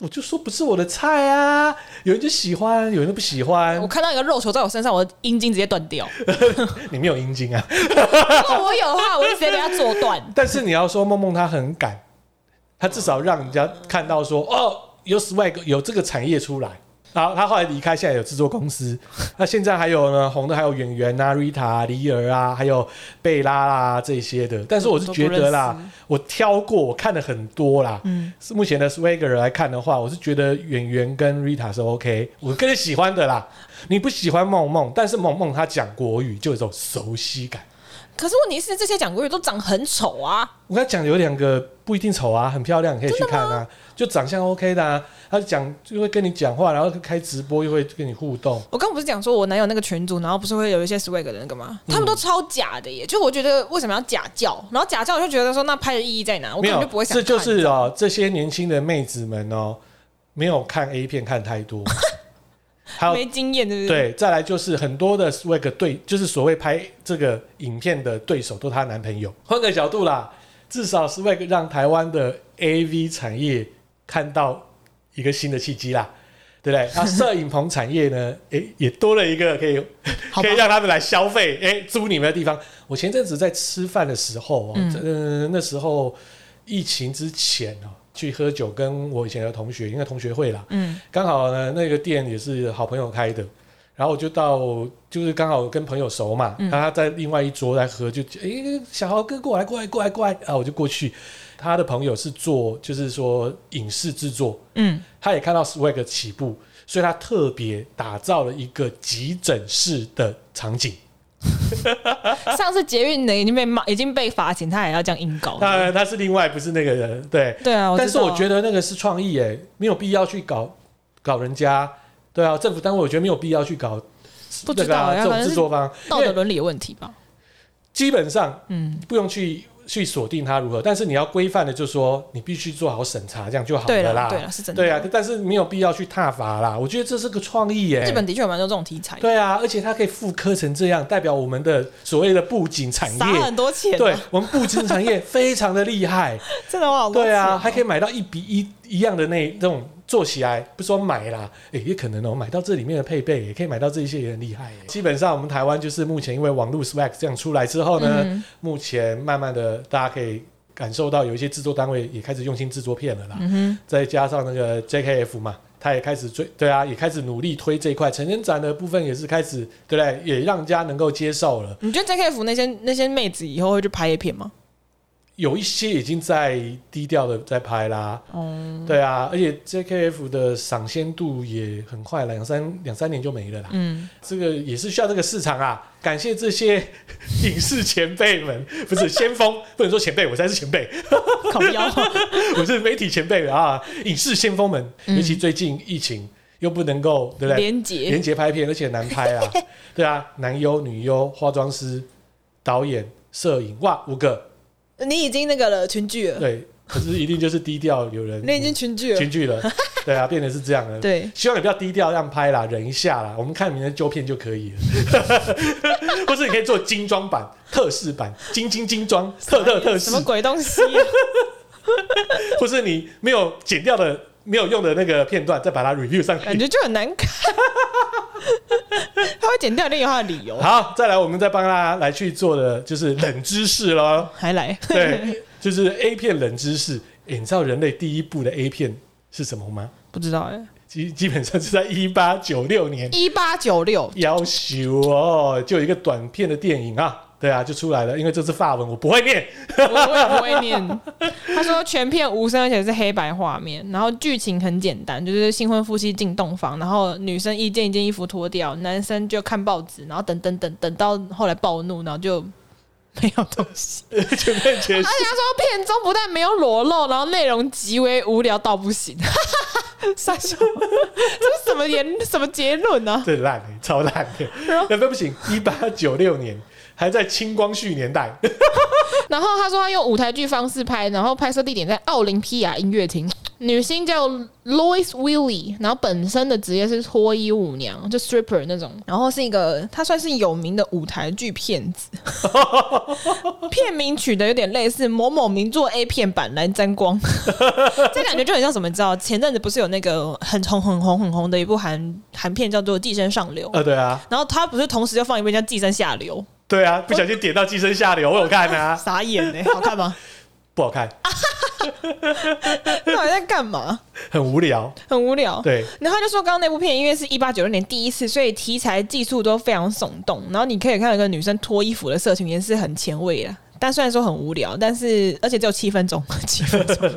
我就說不是我的菜啊！有人就喜歡，有人就不喜歡。我看到一個肉球在我身上，我的陰莖直接斷掉。 *laughs* *laughs* 你沒有陰莖啊？ *laughs* 如果我有的話，我直接給他做斷。 *laughs* 但是你要說夢夢她很敢，她至少讓人家看到說哦，有 swag，有這個產業出來。啊，他後來離開，現在有制作公司。那現在還有呢，紅的還有演員啊，Rita 啊、梨兒啊，還有貝拉啦、啊、這些的。但是我是覺得啦，我挑過，我看了很多啦。嗯，目前的 Swagger 來看的話，我是覺得演員跟 Rita 是 OK。我更喜歡的啦，你不喜歡夢夢，但是萌萌她講國語就有一種熟悉感。可是問題是，這些講國語都長得很醜啊。我剛講有兩個不一定醜啊，很漂亮，你可以去看啊。就長相 OK 的啊，他講就會跟你講話，然後開直播又會跟你互動。我剛不是講說我男友那個群組，然後不是會有一些 swag 的人幹嘛？他們都超假的耶、嗯！就我覺得為什麼要假叫？然後假叫我就覺得說那拍的意義在哪？我根本就不會想。這就是啊、哦，這些年輕的妹子們哦，沒有看 A 片看太多， *laughs* 沒經驗對不對？對，再來就是很多的 swag 對，就是所謂拍這個影片的對手都是她男朋友。換個角度啦，至少 swag 讓台灣的 AV 產業。看到一個新的契機啦，對不對？啊，攝影棚產業呢、 *laughs* 欸，也多了一個可以 *laughs* 可以讓他們來消費，哎、欸，租你們的地方。我前陣子在吃飯的時候嗯、呃，那時候疫情之前啊，去喝酒，跟我以前的同學，應該同學會啦，嗯，剛好呢，那個店也是好朋友開的，然後我就到，就是剛好跟朋友熟嘛，嗯、然後他在另外一桌來喝就，就、欸、哎，小豪哥過來，過，過來，過來，過來啊，我就過去。他的朋友是做，就是說影視制作，嗯，他也看到 swag 起步，所以他特別打造了一個急診室的場景。 *laughs* *laughs* 上次捷運呢已經被罵，已經被罰錢，他還要這樣硬搞。當然他，他是另外，不是那個人，對對啊。但是我覺得那個是創意、欸，哎，沒有必要去搞搞人家。對啊，政府單位我覺得沒有必要去搞不知道、欸、那個啊、這種制作方道德倫理的問題吧。基本上，嗯，不用去。嗯去鎖定它如何？但是你要規範的就是，就說你必須做好審查，這樣就好了啦。對了，是真的。對啊，但是沒有必要去撻伐啦。我覺得這是個創意耶、欸。日本的確有蠻多這種題材。對啊，而且它可以複刻成這樣，代表我們的所謂的布景產業，花很多錢、啊。對，我們布景產業非常的厲害， *laughs* 真的好多啊對啊，還可以買到一比一一樣的那種。做起來不說買啦，欸、也可能哦、喔，買到這裡面的配備也可以買到這一些也很厲害、欸。基本上我們台灣就是目前因為網路 swag 這樣出來之後呢，嗯、目前慢慢的大家可以感受到有一些製作單位也開始用心製作片了啦、嗯。再加上那個 JKF 嘛，他也開始追，對啊，也開始努力推這一塊。成人展的部分也是開始，對不對？也讓家能夠接受了。你覺得 JKF 那些那些妹子以後會去拍 A 片嗎？有一些已經在低調的在拍啦，哦，對啊，而且 JKF 的賞鮮度也很快，兩三兩三年就沒了啦。嗯，這個也是需要這個市場啊，感謝這些影視前輩們，不是先鋒，不能說前輩，我才是前輩，靠腰，我是媒體前輩啊，影視先鋒們，尤其最近疫情又不能夠，對不對？連接、連接拍片，而且難拍啊，對啊，男優、女優、化妝師、導演、攝影，哇，五個。你已經那個了群聚了，對，可是一定就是低調，有人你 *laughs* 已經群聚了，群聚了，對啊，變成是這樣的， *laughs* 對，希望你不要低調，讓拍啦，忍一下啦，我們看明天修片就可以了，或 *laughs* *laughs* *laughs* 是你可以做精裝版、特試版、精精精裝、特特特什麼鬼東西，啊，或 *laughs* *laughs* 是你沒有剪掉的、沒有用的那個片段，再把它 review 上，感覺就很難看。 *laughs* *laughs* 他會剪掉那句話的理由。好，再來，我們再幫大家來去做的就是冷知識咯。還來？ *laughs* 對，就是 A 片冷知識。欸，你知道人類第一部的 A 片是什麼嗎？不知道哎、欸。基基本上是在一八九六年。一八九六，夭壽哦，就有一個短片的電影啊。對啊，就出來了，因為這是法文，我不會念， *laughs* 會我也不會念。他說全片無聲，而且是黑白畫面，然後劇情很簡單，就是新婚夫妻進洞房，然後女生一件一件衣服脫掉，男生就看報紙，然後等等等等到後來暴怒，然後就沒有東西， *laughs* 全片全是。他他說片中不但沒有裸露，然後內容極為無聊到不行，哈 *laughs* 哈三小 *laughs* *laughs* 這是什麼言 *laughs* 什麼結論呢、啊？最爛、欸、的，超爛的，那不行，一八九六年。還在清光緒年代 *laughs* ，然後他說他用舞台劇方式拍，然後拍攝地點在奧林匹亞音樂廳，女星叫 Louise Willy，然後本身的職業是脫衣舞娘，就 stripper 那種，然後是一個他算是有名的舞台劇騙子， *laughs* *laughs* 片名取得有點類似某某名作 A 片版來沾光， *laughs* *laughs* 這感覺就很像什麼？你知道，前陣子不是有那個很紅、很紅、很紅的一部韓韓片叫做《寄生上流》？呃，對啊，然後他不是同時就放一部叫《寄生下流》？對啊，不小心點到寄生下流，我有看啊？ *laughs* 傻眼呢、欸，好看嗎？ *laughs* 不好看 *laughs* *laughs* 那我還在幹嘛？很無聊，很無聊。對，然後就說，剛剛那部片因為是一八九六年第一次，所以題材技術都非常聳動。然後你可以看到一個女生脫衣服的色情也是很前衛的。但雖然說很無聊，但是而且只有七分鐘，七分鐘。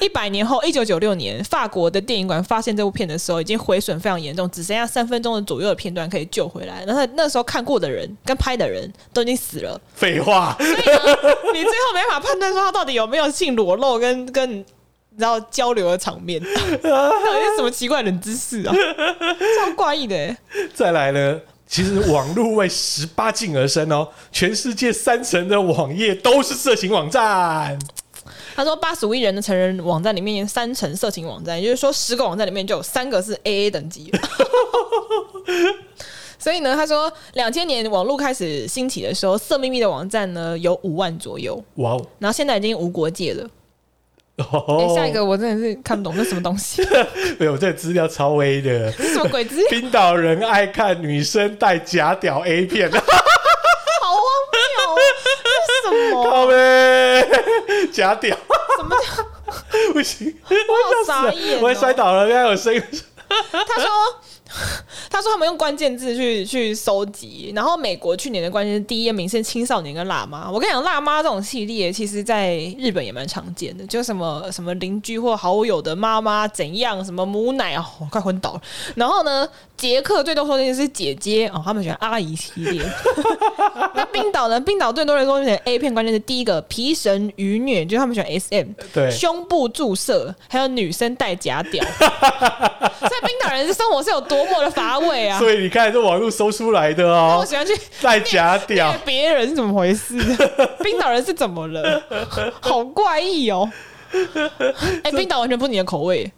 一 *laughs* 百年後，一九九六年，法國的電影館發現這部片的時候，已經毀損非常嚴重，只剩下三分鐘的左右的片段可以救回來。然後那時候看過的人跟拍的人都已經死了。廢話，你最後沒法判斷說他到底有沒有性裸露跟跟然後交流的場面，好 *laughs* 什麼奇怪冷知識啊，超怪異的、欸。再來呢？其實網絡為十八禁而生哦，全世界三成的網頁都是色情網站。他說，八十五億人的成人網站裡面，三成色情網站，也就是說，十個網站裡面就有三個是 AA 等級。 *laughs* *laughs* 所以呢，他說，兩千年網絡開始興起的時候，色咪咪的網站呢有五萬左右。哇哦，然後現在已經無國界了。哦、oh 欸，下一個我真的是看不懂，那 *laughs* 什麼東西？哎 *laughs* 呦、欸，我這資料超 A 的， *laughs* 什麼鬼資料？冰島人愛看女生帶假屌 A 片 *laughs* 好啊，屌什麼？靠北，假屌。什 *laughs* 麼這？不 *laughs* 行、哦，我笑死，我摔倒了，剛才有聲音。他說。他說他們用關鍵字去去搜集，然後美國去年的關鍵字第一名是青少年跟辣媽。我跟你講，辣媽這種系列，其實在日本也蠻常見的，就什麼什麼鄰居或好友的媽媽怎樣，什麼母奶哦，快昏倒了。然後呢，捷克最多說的就是姐姐哦，他們喜歡阿姨系列。 *laughs* *laughs* 那冰島呢？冰島最多人說選 A 片關鍵字第一個皮繩愉虐，就是他們喜歡 SM，對，胸部注射，還有女生戴假屌。在 *laughs* *laughs* 冰島人的生活是有多麼的乏。所以你看是網絡搜出來的哦、喔嗯。我喜歡去帶假屌，別人是怎麼回事？ *laughs* 冰島人是怎麼了？好怪異哦、喔！哎，欸、冰島完全不是你的口味，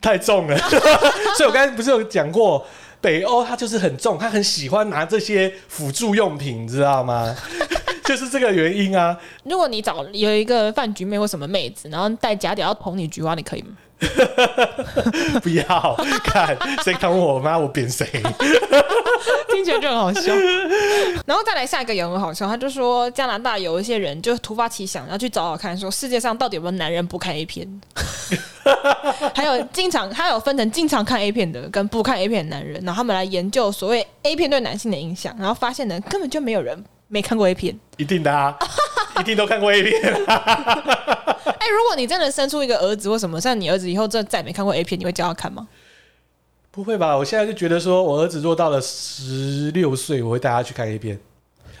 太重了。 *laughs* 所以我剛才不是有講過，北歐他就是很重，他很喜歡拿這些輔助用品，知道嗎？ *laughs* 就是這個原因啊。如果你找有一個飯局妹或什麼妹子，然後帶假屌要捧你菊花，你可以嗎？ *laughs* 不要 God, *laughs* 看誰砍我媽 *laughs* 我扁變誰誰？ *laughs* *laughs* *laughs* 聽起來就很好笑。然後再來下一個也很好笑，他就說加拿大有一些人就突發奇想，要去找找看，說世界上到底有沒有男人不看 A 片？還有經常他有分成經常看 A 片的跟不看 A 片的男人，然後他們來研究所謂 A 片對男性的影響，然後發現呢根本就沒有人沒看過 A 片，一定的啊。 *laughs* 一定都看過 A 片，啊，哎、 *laughs* 欸，如果你真的生出一個兒子或什麼，像你兒子以後真再也沒看過 A 片，你會叫他看嗎？不會吧，我現在就覺得說，我兒子若到了十六歲，我會帶他去看 A 片。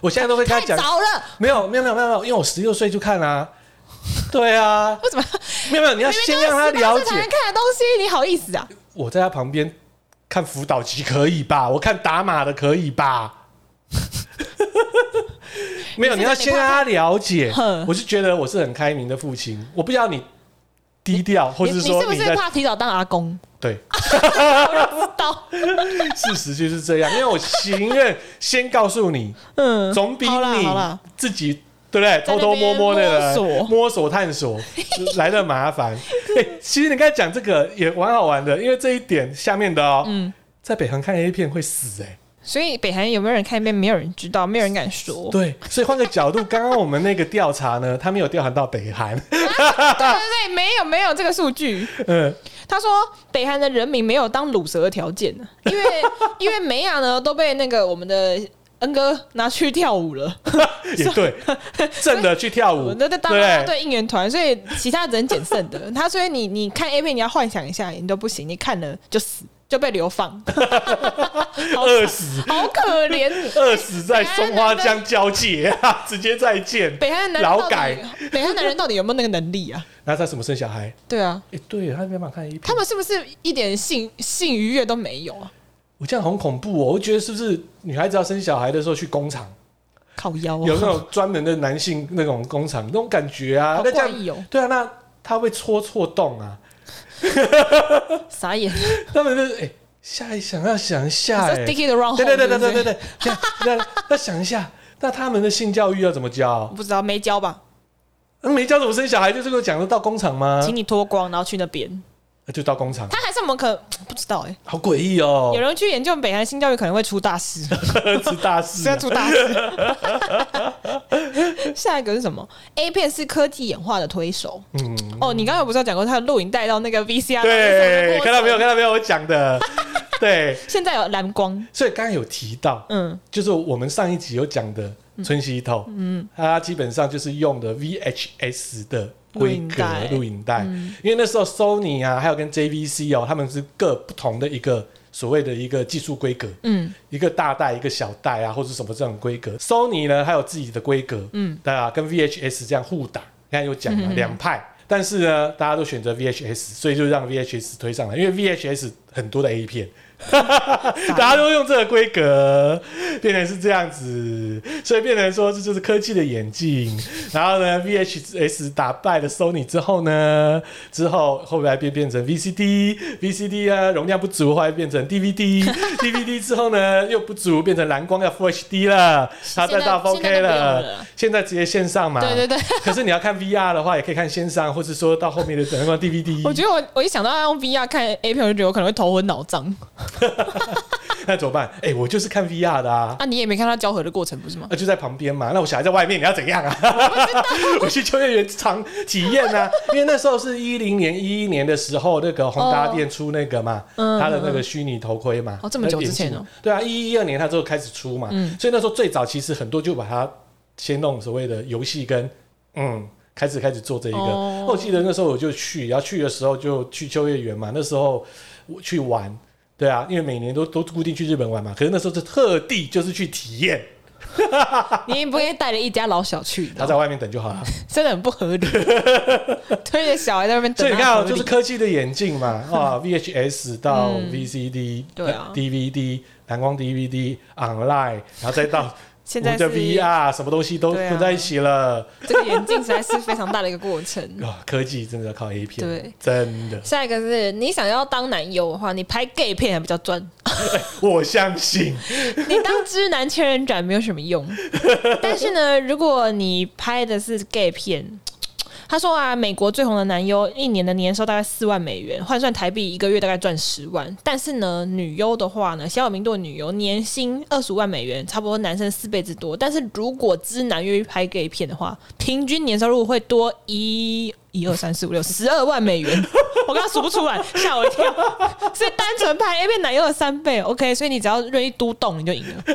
我現在都會跟他講，太早了，沒有沒有沒有沒有，因為我十六歲就看啦，啊。對啊，為什麼？沒有沒有，你要先讓他了解看的東西，你好意思啊？我，我在他旁邊看輔導級可以吧？我看打碼的可以吧？ *laughs* 沒有，你要先讓他了解。我是覺得我是很開明的父親，我不要你低調，或者說你，你，你是不是怕提早當阿公？對，知道。事實就是這樣，因為我情願先告訴你，嗯，總比你自己對不對，對偷偷摸摸的人那摸、索摸索探索來得麻煩、 *laughs* 欸。其實你剛才講這個也蠻好玩的，因為這一點下面的哦，嗯，在北韓看 A 片會死哎、欸。所以北韓有沒有人開麥？沒有人知道，沒有人敢說。對，所以換個角度，剛 *laughs* 剛我們那個調查呢，他沒有調查到北韓、 *laughs* 啊。對對對，沒有沒有這個數據。嗯，他說北韓的人民沒有當滷蛇的條件，因為因為美雅呢都被那個我們的恩哥拿去跳舞了。 *laughs* 也對，剩 *laughs* 的去跳舞，那那、呃、當然對應援團，所以其他人撿剩的。他 *laughs* 所以你你看 A 片，你要幻想一下，你都不行，你看了就死。就被流放，餓 *laughs* 死，好可憐，餓死在松花江交界、啊、直接再見。北韓男人勞改， *laughs* 北韓，男人， *laughs* 北韓男人到底有沒有那個能力啊？那是他怎麼生小孩？對啊，哎、欸，對他沒辦法看。他們是不是一點性性愉悅都沒有啊？我這樣很恐怖哦，我覺得是不是女孩子要生小孩的時候去工廠靠腰、啊，有那種專門的男性那種工廠那種感覺啊？哦、那這樣對啊，那他會戳錯洞啊？ *laughs* 傻眼，他們、就是哎、欸，下一想要想一下哎、欸，對對對對對對對，那 *laughs* *laughs* 想一下，那他們的性教育要怎麼教？我不知道沒教吧？沒教怎麼生小孩？就這個講的到工廠嗎？請你脫光，然後去那邊。就到工廠，他還是我們可不知道哎、欸，好詭異哦！有人去研究北韓新教育，可能會出大事，出 *laughs* 大事、啊，現在出大事。 *laughs* 下一個是什麼？A 片是科技演化的推手。嗯，哦，你剛才不是講過，他的錄影帶到那個 VCR？對，看到沒有，看到沒有我講的。 *laughs* 對，現在有藍光。所以剛剛有提到，嗯，就是我們上一集有講的村西透，嗯，他、嗯、基本上就是用的 VHS 的。規格錄影帶、嗯，因為那時候 Sony 啊，還有跟 JVC 哦、喔，他們是各不同的一個所謂的一個技術規格、嗯，一個大帶一個小帶啊，或者什麼這種規格。Sony 呢，它有自己的規格，嗯，對、啊、跟 VHS 這樣互打，剛才有講了兩派，但是呢，大家都選擇 VHS，所以就讓 VHS 推上來，因為 VHS 很多的 A 片。大家都用這個規格，變成是這樣子，所以變成說這就是科技的演進。然後呢，VHS 打敗了 Sony 之後呢，之後後來變變成 VCD，VCD 容量不足，後來變成 DVD，DVD 之後呢，又不足，變成藍光要 Full HD 了，它再到 4K 了，現在直接線上嘛。對對對。可是你要看 VR 的話，也可以看線上，或者說到後面的藍光 DVD。我覺得我我一想到要用 VR 看 A 片，我就覺得我可能會頭昏腦脹。 *laughs* 那怎麼辦？哎、欸，我就是看 VR 的啊。那、啊、你也沒看到交合的過程，不是嗎？那、啊、就在旁邊嘛。那我小孩在外面，你要怎樣啊？我， *laughs* 我去秋葉原嘗體驗呢、啊， *laughs* 因為那時候是一零年、一一年的時候，那個宏達電出那個嘛，哦嗯、他的那個虛擬頭盔嘛、嗯嗯。哦，這麼久之前哦，對啊，一一二年他就開始出嘛、嗯。所以那時候最早其實很多就把它先弄所謂的遊戲跟嗯，開始開始做這一個、哦。我記得那時候我就去，要去的時候就去秋葉原嘛。那時候我去玩。對啊，因為每年都都固定去日本玩嘛，可是那時候是特地就是去體驗， *laughs* 你應該不會帶着一家老小去，他 *laughs* 在外面等就好了，真的很不合理， *laughs* 推着小孩在外面。等最剛好就是科技的演進嘛，啊、喔、VHS 到 VCD， *laughs* 嗯、對啊、呃、DVD，藍光 DVD，online，然後再到。 *laughs* 現在的 VR 什麼東西都混在一起了，這個眼鏡實在是非常大的一個過程。 *laughs* 科技真的要靠 A 片，對，真的。下一個是你想要當男友的話，你拍 gay 片還比較賺。 *laughs* 我相信你當直男千人斬沒有什麼用， *laughs* 但是呢，如果你拍的是 gay 片。他說啊，美國最紅的男優一年的年收大概四萬美元，換算台幣一個月大概賺十萬。但是呢，女優的話呢，小有名度女優年薪二十五萬美元，差不多男生四倍之多。但是如果直男願意拍 gay 片的話，平均年收入會多一一二三四五六十二萬美元， *laughs* 我剛剛數不出來，嚇我一跳。所 *laughs* 以單純拍 A 片，男優的三倍。OK，所以你只要願意嘟洞，你就贏了。 *laughs*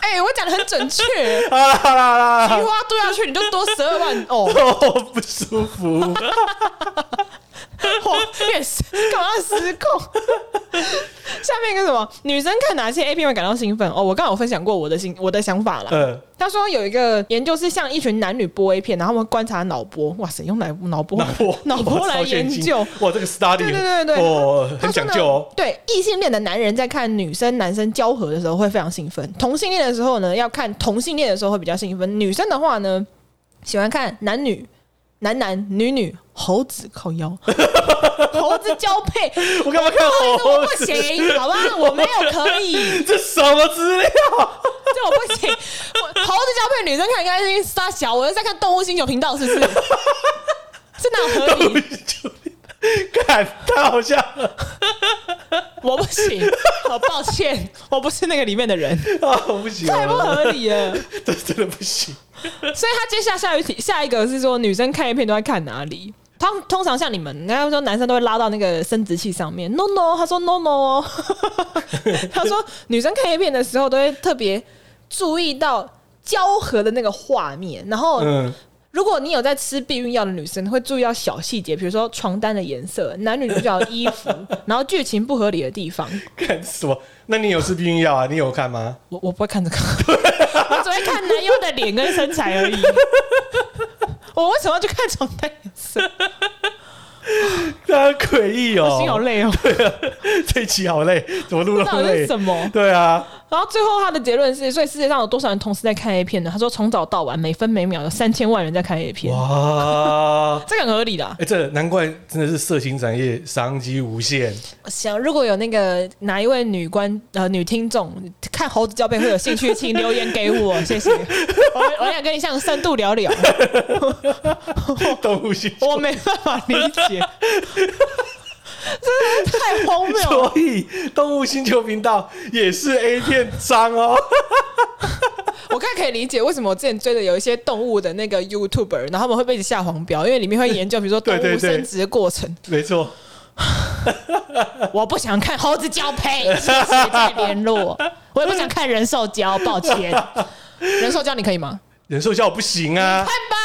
哎、欸，我講得很準確、欸。好啦啦啦，菊花剁下去你就多十二萬哦，哦。不舒服 *laughs* 哇，yes，幹嘛要失控？ *laughs* 下面一個什麼女生看哪些 A 片會感到興奮？哦，我剛剛有分享過我的心我的想法了、呃。他說有一個研究是像一群男女播 A 片，然後我們觀察腦波。哇塞，用腦腦波腦波腦波來研究哇。哇，這個 study 對對對對，講、哦、究。對，異性戀的男人在看女生男生交合的時候會非常興奮，同性戀的。之後呢，要看同性戀的時候會比較興奮。女生的話呢，喜歡看男女、男男女女、猴子靠腰、 *laughs* 猴子交配。我幹嘛看我，猴子我，我，我我不行，好吧，我沒有可以。這什麼資料？這我不行我。猴子交配，女生看應該是撒小。我要在看《動物星球》頻道，是不是？真的可以。 *laughs* 看，太好像了笑了！我不行，好抱歉， *laughs* 我不是那個裡面的人。啊，我不行，太不合理了。 *laughs* 對，真的不行。所以他接下來下一題，下一個是說女生看 A 片都會看哪裡？他通常像你們，人家說男生都會拉到那個生殖器上面。 *laughs* No No，他說 No No， *laughs* 他說女生看 A 片的時候都會特別注意到交合的那個畫面，然後嗯。如果你有在吃避孕藥的女生，你會注意到小細節，比如說床單的顏色、男女主角的衣服，然後劇情不合理的地方。看什麼？那你有吃避孕藥啊？ *laughs* 你有看嗎？我我不會看這個， *laughs* *laughs* 我只會看男優的臉跟身材而已。 *laughs* 我為什麼要去看床單顏色？ *laughs* *laughs* *laughs* 他很詭異哦！我心好累哦！對啊，這一期好累，怎麼錄了 *laughs* 這到什麼？對啊。然後最後他的結論是，所以世界上有多少人同時在看 A 片呢？他說從早到晚每分每秒有三千萬人在看 A 片。哇， *laughs* 這個很合理的、啊。哎、欸，這難怪真的是色情產業商機無限。行，如果有那個哪一位女觀呃女聽眾看猴子交配會有興趣， *laughs* 請留言給我，謝謝。 *laughs* 我，我，我想跟你像深度聊聊。 *laughs* 都我沒辦法理解。 *laughs* 真是太荒謬了！所以動物星球頻道也是 A 片商哦。我看可以理解為什麼我之前追的有一些動物的那個 YouTuber，然後他們會被下黃標，因為裡面會研究，比如說動物生殖的過程。沒錯。我不想看猴子交配、聯絡，我也不想看人獸交，抱歉。人獸交你可以嗎？人獸交我不行啊。你看吧。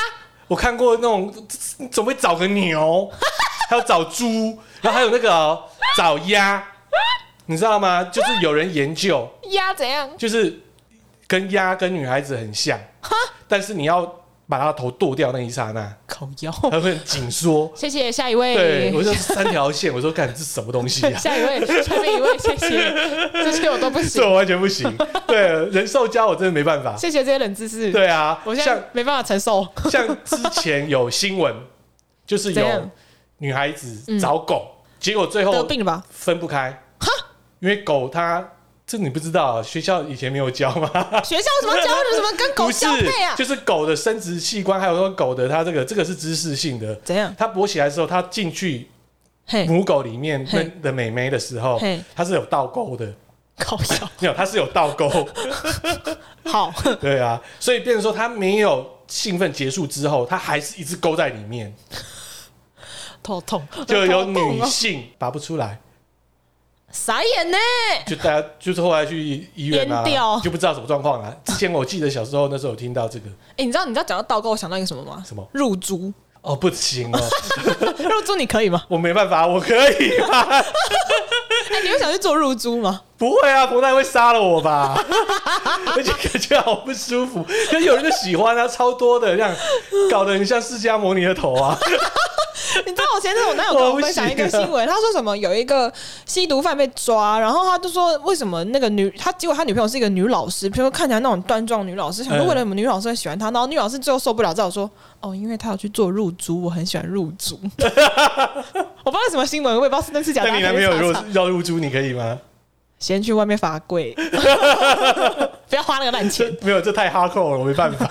我看過那種總會找個牛。還有找豬，然後還有那個、喔、找鴨，你知道嗎？就是有人研究鴨怎樣，就是跟鴨跟女孩子很像，哈，但是你要把她的頭剁掉那一剎那，靠腰還會緊縮。謝謝下一位。對我說三條線，我說幹這是什麼東西、啊、下一位，下面一位，謝謝。 *laughs* 這些我都不行對，我完全不行。對，人獸交我真的沒辦法。謝謝這些冷知識。對啊，我現在像沒辦法承受。像之前有新聞，就是有。女孩子找狗、嗯，結果最後得病了吧？分不開，哈，因為狗它這你不知道、啊，學校以前沒有教嗎？學校怎麼教 *laughs* 為什麼跟狗交配啊？就是狗的生殖器官，還有說狗的它這個，這個是知識性的。怎樣？它勃起來的時候，它進去母狗裡面的美眉的時候，它是有倒鈎的，搞笑，沒有，它是有倒鈎。 *laughs* 好，對啊，所以變成說，它沒有興奮結束之後，它還是一直勾在裡面。痛就有女性拔不出來，傻眼呢！就大家就是後來去醫院啊，就不知道什麼狀況了。之前我記得小時候那時候我聽到這個，哎、欸，你知道你知道講到倒鈎我想到一個什麼嗎？什麼？入珠。哦，不行哦， *laughs* 入珠你可以嗎？我沒辦法，我可以。那、 *laughs* 欸、你會想去做入珠嗎？不會啊，大然會殺了我吧 *laughs* 而，而且感覺好不舒服，可是有人就喜歡啊，超多的這樣，搞得很像釋迦牟尼的頭啊 *laughs* ！你知道我前陣我男友跟我分享一個新聞，他說什麼有一個吸毒犯被抓，然後他就說為什麼那個女他結果他女朋友是一個女老師，比如說看起來那種端莊女老師，想說，為了什麼女老師會喜歡他？然後女老師最後受不了，之後說哦，因為他要去做入珠，我很喜歡入珠。 *laughs* *laughs* 我不知道什麼新聞，我也不知道是真是假。那你男朋友如果入要入珠，你可以嗎？先去外面罰跪，不要花那個爛錢。 *laughs* 沒有，這太哈扣了，我沒辦法。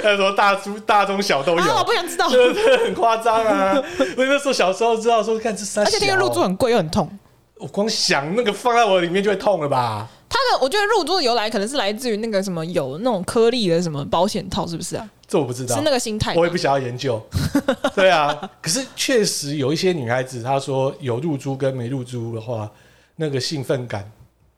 他 *laughs* 說：“大中大中小都有。啊”我不想知道，就是、很誇張啊！我 *laughs* 那時候小時候知道說，說看這三十，而且那個入珠很貴又很痛。我光想那個放在我裡面就會痛了吧？它的，我覺得入珠的由來可能是來自於那個什麼有那種顆粒的什麼保險套，是不是啊，啊？這我不知道。是那個心態，我也不想要研究。對啊， *laughs* 可是確實有一些女孩子，她說有入珠跟沒入珠的話。那個興奮感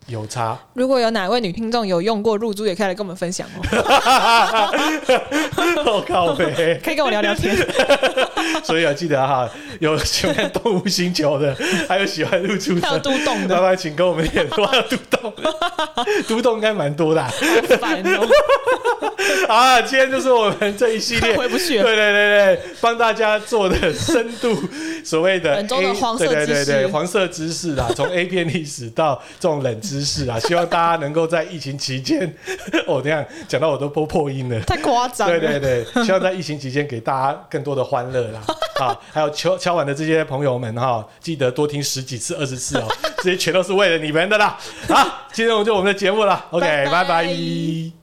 有差。如果有哪位女聽眾有用過入珠，也可以來跟我們分享、喔、 *laughs* *laughs* *laughs* 哦靠北。 *laughs* 可以跟我聊聊天。 *laughs* *laughs* *laughs* 所以我、啊、記得哈、啊，有喜歡《動物星球》的， *laughs* 還有喜歡露出的，還有獨洞的，拜拜，請跟我們演說。還有獨洞，獨 *laughs* 洞應該蠻多的、啊。煩你啊！今天就是我們這一系列回不去了。對對對對，幫大家做的深度所謂的 A，對對對對，黃色知識啦，從 A 片歷史到這種冷知識啊，希望大家能夠在疫情期間，我這樣講到我都破破音了，太誇張了。對對對，希望在疫情期間給大家更多的歡樂。 *laughs* 好，還有敲敲碗的這些朋友們哈、哦，記得多聽十幾次、二十次哦， *laughs* 這些全都是為了你們的啦。好，今天我們就我們的節目了 *laughs* ，OK，拜拜。Bye bye